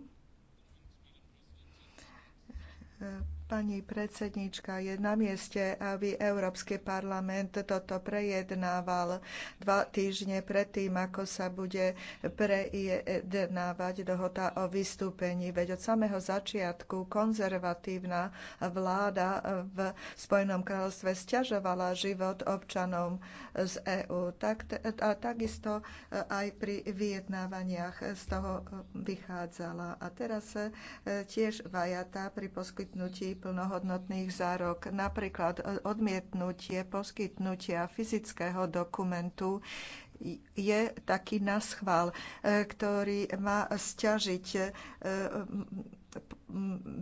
Pani predsednička, je na mieste, aby Európsky parlament toto prejednával dva týždne predtým, ako sa bude prejednávať dohoda o vystúpení. Veď od samého začiatku konzervatívna vláda v Spojenom kráľovstve stiažovala život občanom z EÚ. Tak, a takisto aj pri vyjednávaniach z toho vychádzala. A teraz e, tiež vajata pri poskytnutí plnohodnotných zárok, napríklad odmietnutie poskytnutia fyzického dokumentu je taký naschval, ktorý má stiažiť e,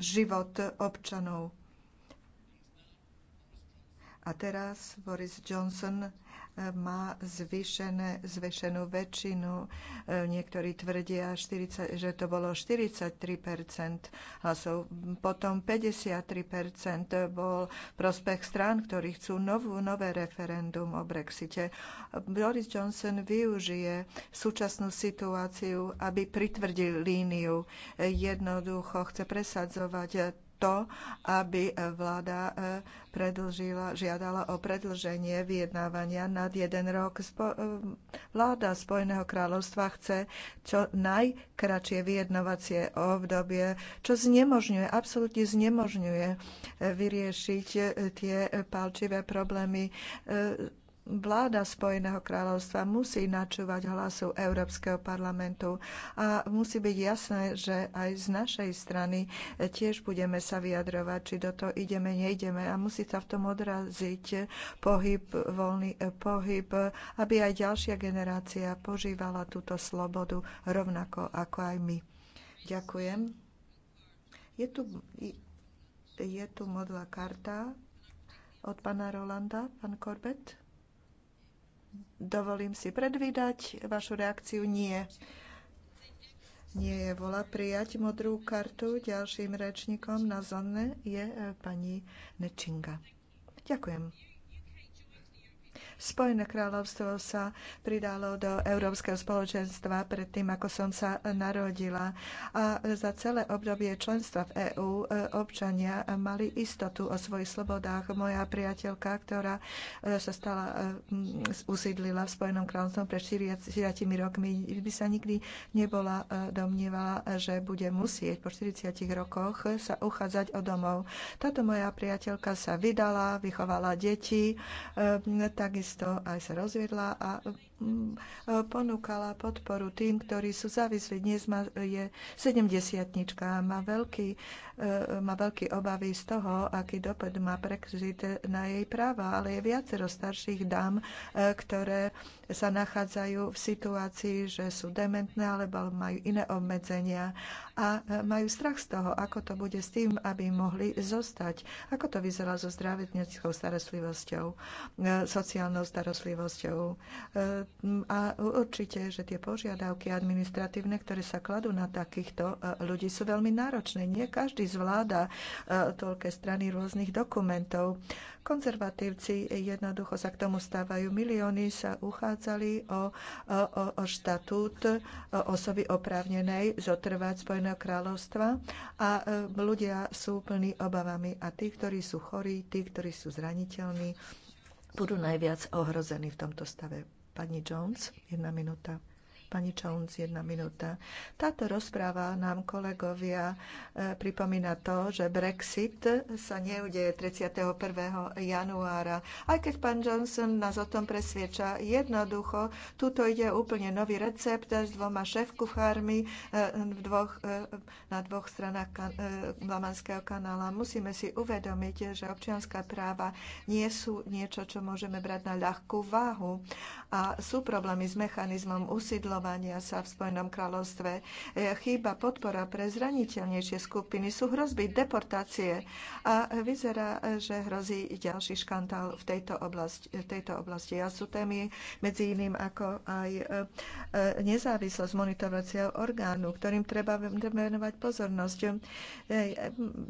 život občanov. A teraz Boris Johnson má zvyšené, zvyšenú väčšinu. E, niektorí tvrdia, 40, že to bolo 43 hlasov. Potom 53 bol prospech strán, ktorí chcú novú, nové referendum o Brexite. Boris Johnson využije súčasnú situáciu, aby pritvrdil líniu. Jednoducho chce presadzovať to, aby vláda e, predlžila, žiadala o predlženie vyjednávania nad jeden rok. Spo- e, vláda Spojeného kráľovstva chce čo najkračšie vyjednovacie obdobie, čo znemožňuje, absolútne znemožňuje e, vyriešiť tie palčivé problémy vláda Spojeného kráľovstva musí načúvať hlasu Európskeho parlamentu a musí byť jasné, že aj z našej strany tiež budeme sa vyjadrovať, či do toho ideme, nejdeme. a musí sa v tom odraziť pohyb, voľný pohyb, aby aj ďalšia generácia požívala túto slobodu rovnako ako aj my. Ďakujem. Je tu, je tu modlá karta od pána Rolanda, pán Korbet. Dovolím si predvídať vašu reakciu. Nie. Nie je vola prijať modrú kartu. Ďalším rečníkom na zone je eh, pani Nečinga. Ďakujem. Spojené kráľovstvo sa pridalo do Európskeho spoločenstva predtým, ako som sa narodila. A za celé obdobie členstva v EÚ e, občania mali istotu o svojich slobodách. Moja priateľka, ktorá e, sa stala, e, usídlila v Spojenom kráľovstve pred 40 rokmi, by sa nikdy nebola domnievala, že bude musieť po 40 rokoch sa uchádzať o domov. Táto moja priateľka sa vydala, vychovala deti, takisto takisto aj sa rozviedla a ponúkala podporu tým, ktorí sú závislí. Dnes má, je a má veľký, e, má veľký obavy z toho, aký dopad má Brexit na jej práva, ale je viacero starších dám, e, ktoré sa nachádzajú v situácii, že sú dementné alebo majú iné obmedzenia a e, majú strach z toho, ako to bude s tým, aby mohli zostať. Ako to vyzerá so zdravotníckou starostlivosťou, sociálnou starostlivosťou a určite, že tie požiadavky administratívne, ktoré sa kladú na takýchto e, ľudí, sú veľmi náročné. Nie každý zvláda e, toľké strany rôznych dokumentov. Konzervatívci jednoducho sa k tomu stávajú. Milióny sa uchádzali o, e, o, o štatút osoby oprávnenej zotrvať Spojeného kráľovstva a ľudia sú plní obavami a tí, ktorí sú chorí, tí, ktorí sú zraniteľní, budú najviac ohrození v tomto stave. Pani Jones, jedna minúta. Pani Čaunc, jedna minúta. Táto rozpráva nám, kolegovia, e, pripomína to, že Brexit sa neudeje 31. januára. Aj keď pán Johnson nás o tom presvieča jednoducho, tuto ide úplne nový recept s dvoma šéfkuchármi e, v dvoch, e, na dvoch stranách Lamanského kanála. Musíme si uvedomiť, že občianská práva nie sú niečo, čo môžeme brať na ľahkú váhu. A sú problémy s mechanizmom usídlovania odsťahovania sa v Spojenom kráľovstve. E, Chýba podpora pre zraniteľnejšie skupiny. Sú hrozby deportácie a vyzerá, že hrozí ďalší škandál v tejto oblasti. V tejto oblasti. A sú témy medzi iným ako aj e, e, nezávislosť monitorovacieho orgánu, ktorým treba venovať pozornosť.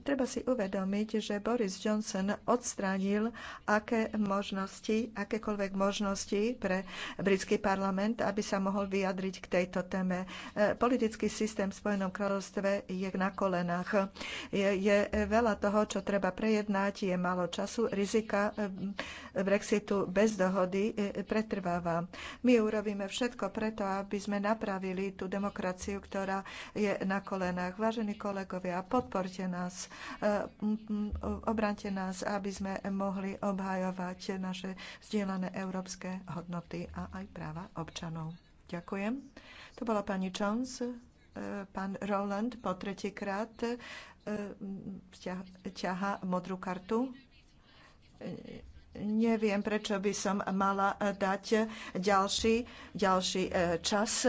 Treba si uvedomiť, že Boris Johnson odstránil aké možnosti, akékoľvek možnosti pre britský parlament, aby sa mohol vyjadriť vyjadriť k tejto téme. E, politický systém v Spojenom kráľovstve je na kolenách. Je, je veľa toho, čo treba prejednať, je málo času, rizika e, Brexitu bez dohody e, pretrváva. My urobíme všetko preto, aby sme napravili tú demokraciu, ktorá je na kolenách. Vážení kolegovia, podporte nás, obrante nás, aby sme mohli obhajovať naše vzdielané európske hodnoty a aj práva občanov. Ďakujem. To bola pani Jones. E, pán Roland po tretíkrát e, ťaha modrú kartu. E, neviem, prečo by som mala dať ďalší, ďalší čas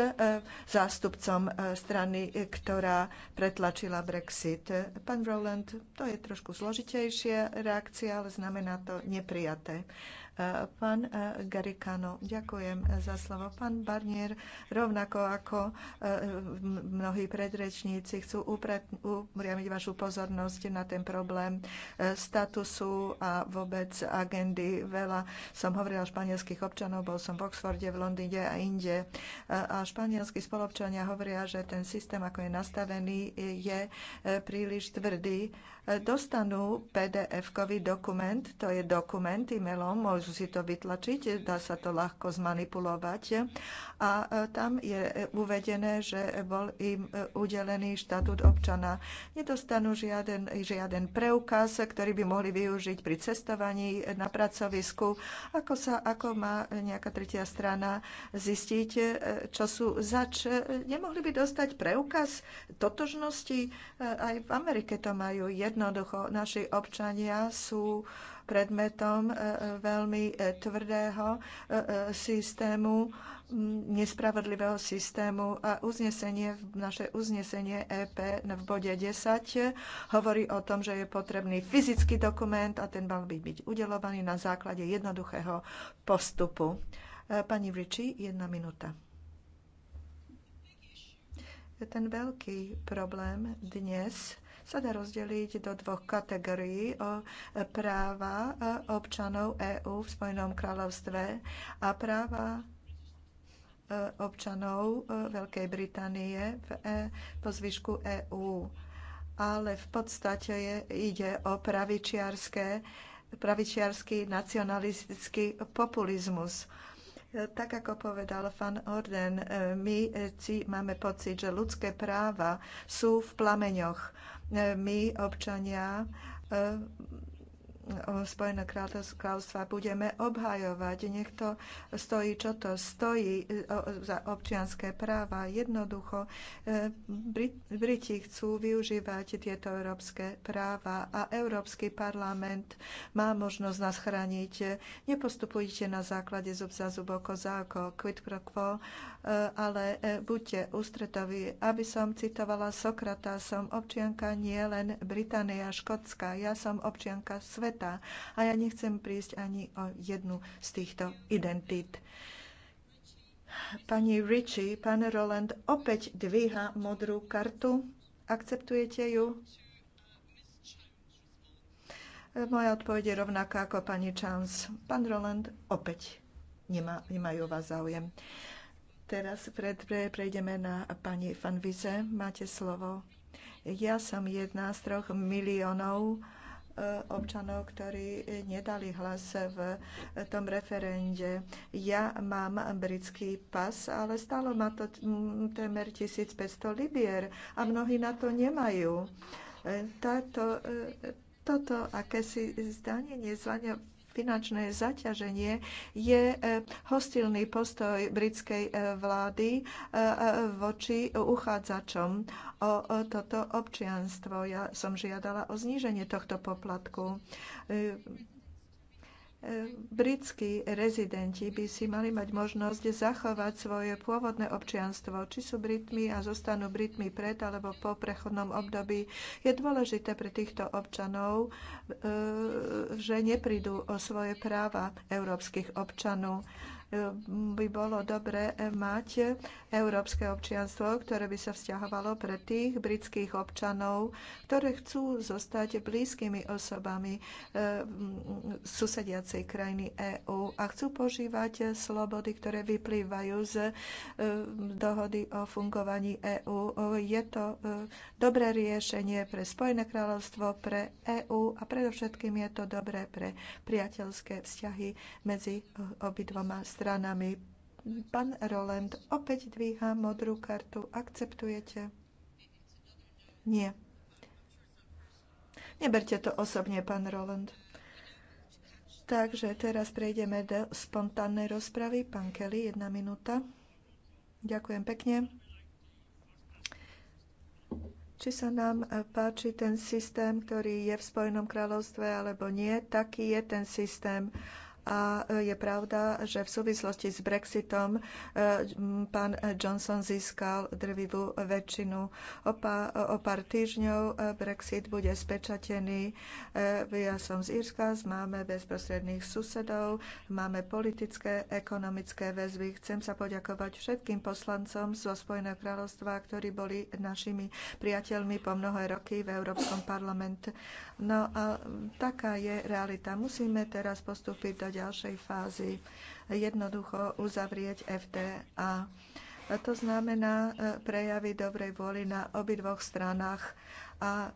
zástupcom strany, ktorá pretlačila Brexit. Pán Rowland, to je trošku zložitejšia reakcia, ale znamená to neprijaté. Pán eh, Garikano, ďakujem za slovo. Pán Barnier, rovnako ako eh, mnohí predrečníci, chcú upriamiť vašu pozornosť na ten problém eh, statusu a vôbec agendy. Veľa som hovorila o španielských občanov, bol som v Oxforde, v Londýne a inde. A španielskí spolobčania hovoria, že ten systém, ako je nastavený, je príliš tvrdý dostanú PDF-kový dokument, to je dokument e-mailom, môžu si to vytlačiť, dá sa to ľahko zmanipulovať a e, tam je e, uvedené, že bol im e, udelený štatút občana. Nedostanú žiaden, žiaden preukaz, ktorý by mohli využiť pri cestovaní na pracovisku, ako, sa, ako má nejaká tretia strana zistiť, čo sú zač. Nemohli by dostať preukaz totožnosti, aj v Amerike to majú. Jedno Jednoducho, naši občania sú predmetom e, e, veľmi e, tvrdého systému, nespravodlivého systému a uznesenie, naše uznesenie EP v bode 10 hovorí o tom, že je potrebný fyzický dokument a ten mal by byť udelovaný na základe jednoduchého postupu. Pani Riči, jedna minúta. Ten veľký problém dnes sa dá rozdeliť do dvoch kategórií o práva e, občanov EÚ v Spojenom kráľovstve a práva e, občanov e, Veľkej Británie v, po zvyšku EÚ. Ale v podstate je, ide o pravičiarské, pravičiarský nacionalistický populizmus. Tak ako povedal Van Orden, my máme pocit, že ľudské práva sú v plameňoch E, my, občania, e, Spojeného kráľovstva budeme obhajovať. Nech to stojí, čo to stojí e, za občianské práva. Jednoducho e, Briti chcú využívať tieto európske práva a Európsky parlament má možnosť nás chrániť. Nepostupujte na základe zub za zub, oko za oko, quid pro quo, e, ale buďte ústretoví. Aby som citovala Sokrata, som občianka nie len Británie a Škótska. Ja som občianka sveta sveta. A ja nechcem prísť ani o jednu z týchto identít. Pani Richie, pán Roland opäť dvíha modrú kartu. Akceptujete ju? Moja odpoveď je rovnaká ako pani Chance. Pán Roland, opäť nemá, nemajú vás záujem. Teraz pred, pre, prejdeme na pani Fanvize. Máte slovo. Ja som jedna z troch miliónov občanov, ktorí nedali hlas v tom referende. Ja mám britský pas, ale stalo ma to témer 1500 libier a mnohí na to nemajú. E, táto, e, toto akési zdanie. nezvania finančné zaťaženie je e, hostilný postoj britskej e, vlády e, voči uchádzačom o toto občianstvo. Ja som žiadala o zníženie tohto poplatku britskí rezidenti by si mali mať možnosť zachovať svoje pôvodné občianstvo, či sú Britmi a zostanú Britmi pred alebo po prechodnom období. Je dôležité pre týchto občanov, e, že neprídu o svoje práva európskych občanov by bolo dobre mať európske občianstvo, ktoré by sa vzťahovalo pre tých britských občanov, ktoré chcú zostať blízkymi osobami eh, susediacej krajiny EÚ a chcú požívať slobody, ktoré vyplývajú z eh, dohody o fungovaní EÚ. Je to eh, dobré riešenie pre Spojené kráľovstvo, pre EÚ a predovšetkým je to dobré pre priateľské vzťahy medzi obidvoma stranami stranami. Pán Roland opäť dvíha modrú kartu. Akceptujete? Nie. Neberte to osobne, pán Roland. Takže teraz prejdeme do spontánnej rozpravy. Pán Kelly, jedna minúta. Ďakujem pekne. Či sa nám páči ten systém, ktorý je v Spojenom kráľovstve alebo nie, taký je ten systém a je pravda, že v súvislosti s Brexitom e, pán Johnson získal drvivú väčšinu. O, pár, o pár týždňov e, Brexit bude spečatený. E, ja som z Írska, máme bezprostredných susedov, máme politické, ekonomické väzby. Chcem sa poďakovať všetkým poslancom zo Spojeného kráľovstva, ktorí boli našimi priateľmi po mnohé roky v Európskom parlamente. No a taká je realita. Musíme teraz postúpiť do ďalšej fázy jednoducho uzavrieť FTA. To znamená e, prejavy dobrej vôly na obidvoch stranách a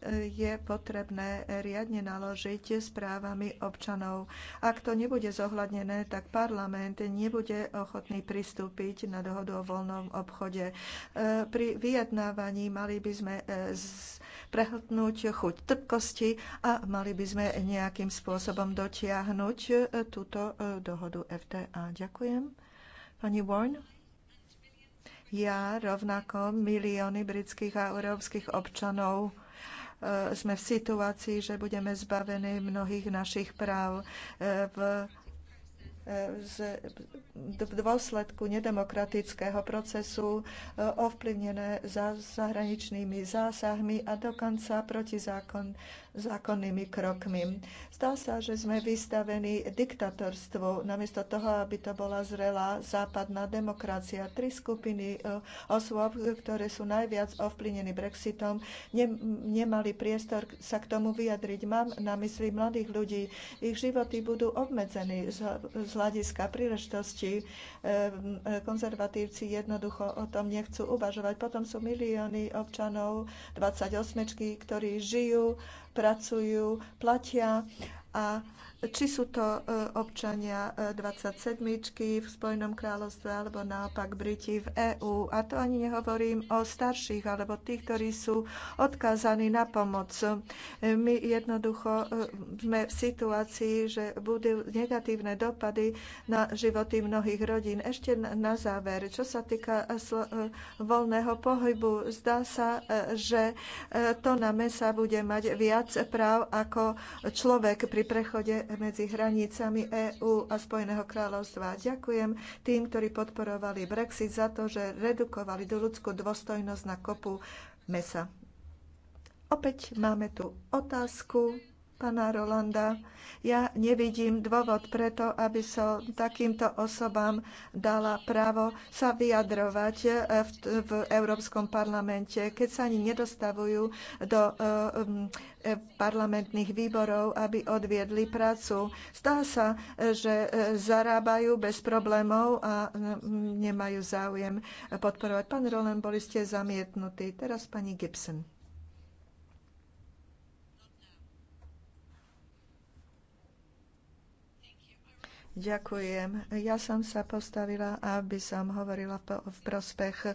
e, je potrebné riadne naložiť s právami občanov. Ak to nebude zohľadnené, tak parlament nebude ochotný pristúpiť na dohodu o voľnom obchode. E, pri vyjednávaní mali by sme z prehltnúť chuť trpkosti a mali by sme nejakým spôsobom dotiahnuť e, túto e, dohodu FTA. Ďakujem. Pani Warren? Ja rovnako milióny britských a európskych občanov e, sme v situácii, že budeme zbavení mnohých našich práv v v dôsledku nedemokratického procesu e, ovplyvnené zahraničnými zásahmi a dokonca protizákon, zákonnými krokmi. Zdá sa, že sme vystavení diktatorstvu, namiesto toho, aby to bola zrelá západná demokracia. Tri skupiny e, osôb, ktoré sú najviac ovplynení Brexitom, nemali priestor sa k tomu vyjadriť. Mám na mysli mladých ľudí. Ich životy budú obmedzení z hľadiska príležitosti. E, e, konzervatívci jednoducho o tom nechcú uvažovať. Potom sú milióny občanov 28, ktorí žijú pracujú, platia a či sú to e, občania 27 e, v Spojenom kráľovstve alebo naopak Briti v EÚ. A to ani nehovorím o starších alebo tých, ktorí sú odkázaní na pomoc. E, my jednoducho sme v situácii, že budú negatívne dopady na životy mnohých rodín. Ešte na záver, čo sa týka voľného pohybu, zdá sa, že to na mesa bude mať viac práv ako človek pri prechode medzi hranicami EÚ a Spojeného kráľovstva. Ďakujem tým, ktorí podporovali Brexit za to, že redukovali do ľudskú dôstojnosť na kopu mesa. Opäť máme tu otázku pána Rolanda. Ja nevidím dôvod preto, aby som takýmto osobám dala právo sa vyjadrovať eh, v, v Európskom parlamente, keď sa ani nedostavujú do eh, eh, parlamentných výborov, aby odviedli prácu. Stá sa, že zarábajú bez problémov a mm, nemajú záujem podporovať. Pán Roland, boli ste zamietnutí. Teraz pani Gibson. Ďakujem. Ja som sa postavila, aby som hovorila v prospech e,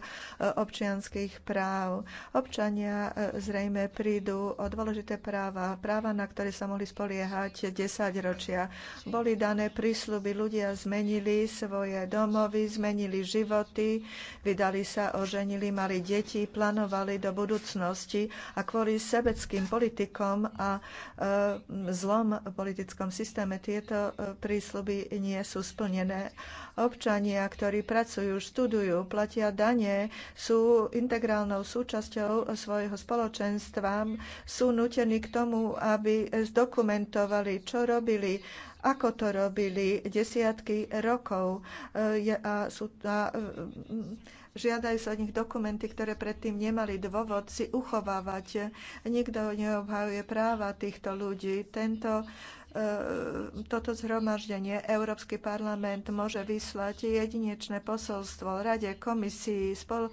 občianských práv. Občania e, zrejme prídu o dôležité práva, práva, na ktoré sa mohli spoliehať 10 ročia. Boli dané prísľuby, ľudia zmenili svoje domovy, zmenili životy, vydali sa, oženili, mali deti, plánovali do budúcnosti a kvôli sebeckým politikom a e, zlom v politickom systéme tieto prísľuby nie sú splnené. Občania, ktorí pracujú, študujú, platia dane, sú integrálnou súčasťou svojho spoločenstva, sú nutení k tomu, aby zdokumentovali, čo robili, ako to robili desiatky rokov. A sú, a, Žiadajú sa od nich dokumenty, ktoré predtým nemali dôvod si uchovávať. Nikto neobhajuje práva týchto ľudí. Tento e, toto zhromaždenie Európsky parlament môže vyslať jedinečné posolstvo Rade, komisii, spol, e,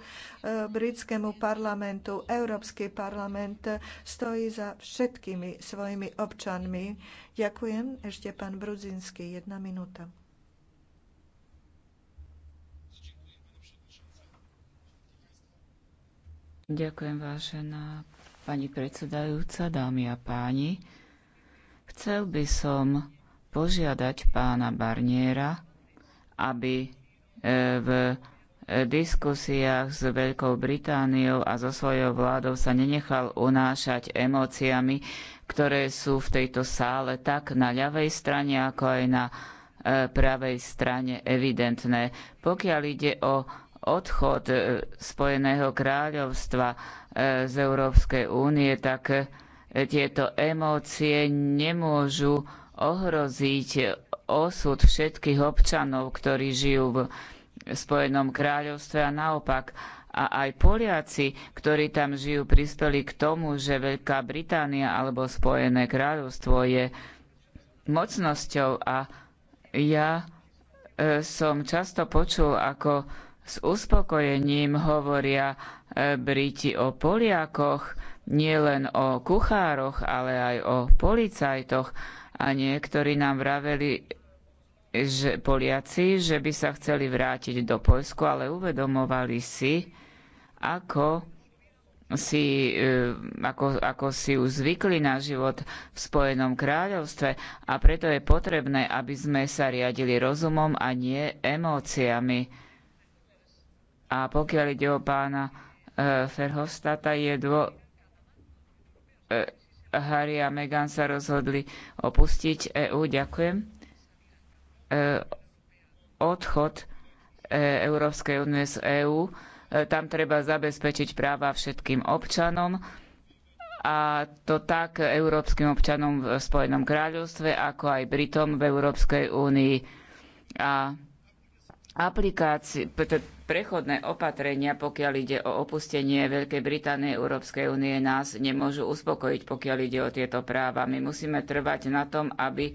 britskému parlamentu. Európsky parlament stojí za všetkými svojimi občanmi. Ďakujem. Ešte pán Brudzinský, jedna minúta. Ďakujem, vážená pani predsedajúca, dámy a páni. Chcel by som požiadať pána Barniera, aby e, v diskusiách s Veľkou Britániou a so svojou vládou sa nenechal unášať emóciami, ktoré sú v tejto sále tak na ľavej strane, ako aj na e, pravej strane evidentné. Pokiaľ ide o odchod e, Spojeného kráľovstva e, z Európskej únie, tak e, tieto emócie nemôžu ohroziť osud všetkých občanov, ktorí žijú v Spojenom kráľovstve a naopak. A aj Poliaci, ktorí tam žijú, prispeli k tomu, že Veľká Británia alebo Spojené kráľovstvo je mocnosťou. A ja som často počul, ako s uspokojením hovoria e, Briti o Poliakoch, nielen o kuchároch, ale aj o policajtoch. A niektorí nám vraveli, že Poliaci, že by sa chceli vrátiť do Poľsku, ale uvedomovali si, ako si, e, ako, ako si už zvykli na život v Spojenom kráľovstve a preto je potrebné, aby sme sa riadili rozumom a nie emóciami a pokiaľ ide o pána e, Ferhofstata, je dô... E, Harry a Meghan sa rozhodli opustiť EÚ. Ďakujem. E, odchod Európskej únie z EÚ. Tam treba zabezpečiť práva všetkým občanom a to tak európskym občanom v Spojenom kráľovstve, ako aj Britom v Európskej únii. A aplikácie, prechodné opatrenia, pokiaľ ide o opustenie Veľkej Británie Európskej únie, nás nemôžu uspokojiť, pokiaľ ide o tieto práva. My musíme trvať na tom, aby e,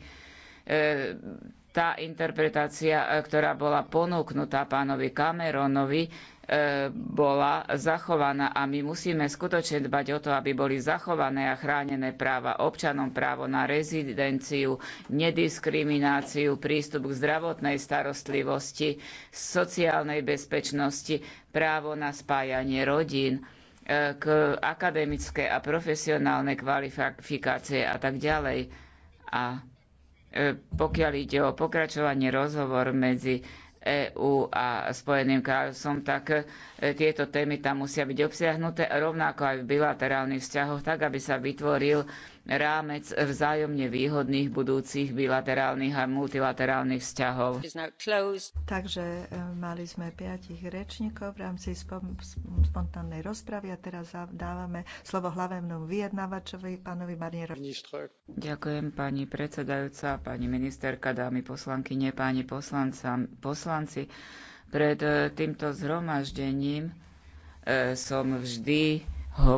tá interpretácia, e, ktorá bola ponúknutá pánovi Cameronovi, E, bola zachovaná a my musíme skutočne dbať o to, aby boli zachované a chránené práva občanom, právo na rezidenciu, nediskrimináciu, prístup k zdravotnej starostlivosti, sociálnej bezpečnosti, právo na spájanie rodín, e, k akademické a profesionálne kvalifikácie a tak ďalej. A e, pokiaľ ide o pokračovanie rozhovor medzi EÚ a Spojeným kráľovstvom, tak e, tieto témy tam musia byť obsiahnuté, rovnako aj v bilaterálnych vzťahoch, tak aby sa vytvoril rámec vzájomne výhodných budúcich bilaterálnych a multilaterálnych vzťahov. Takže e, mali sme piatich rečníkov v rámci spontánnej rozpravy a teraz dávame slovo hlavnému vyjednávačovi, pánovi Marnierovi. Ďakujem pani predsedajúca, pani ministerka, dámy poslankyne, páni poslanca, poslanci. Pred e, týmto zhromaždením e, som vždy hovoril,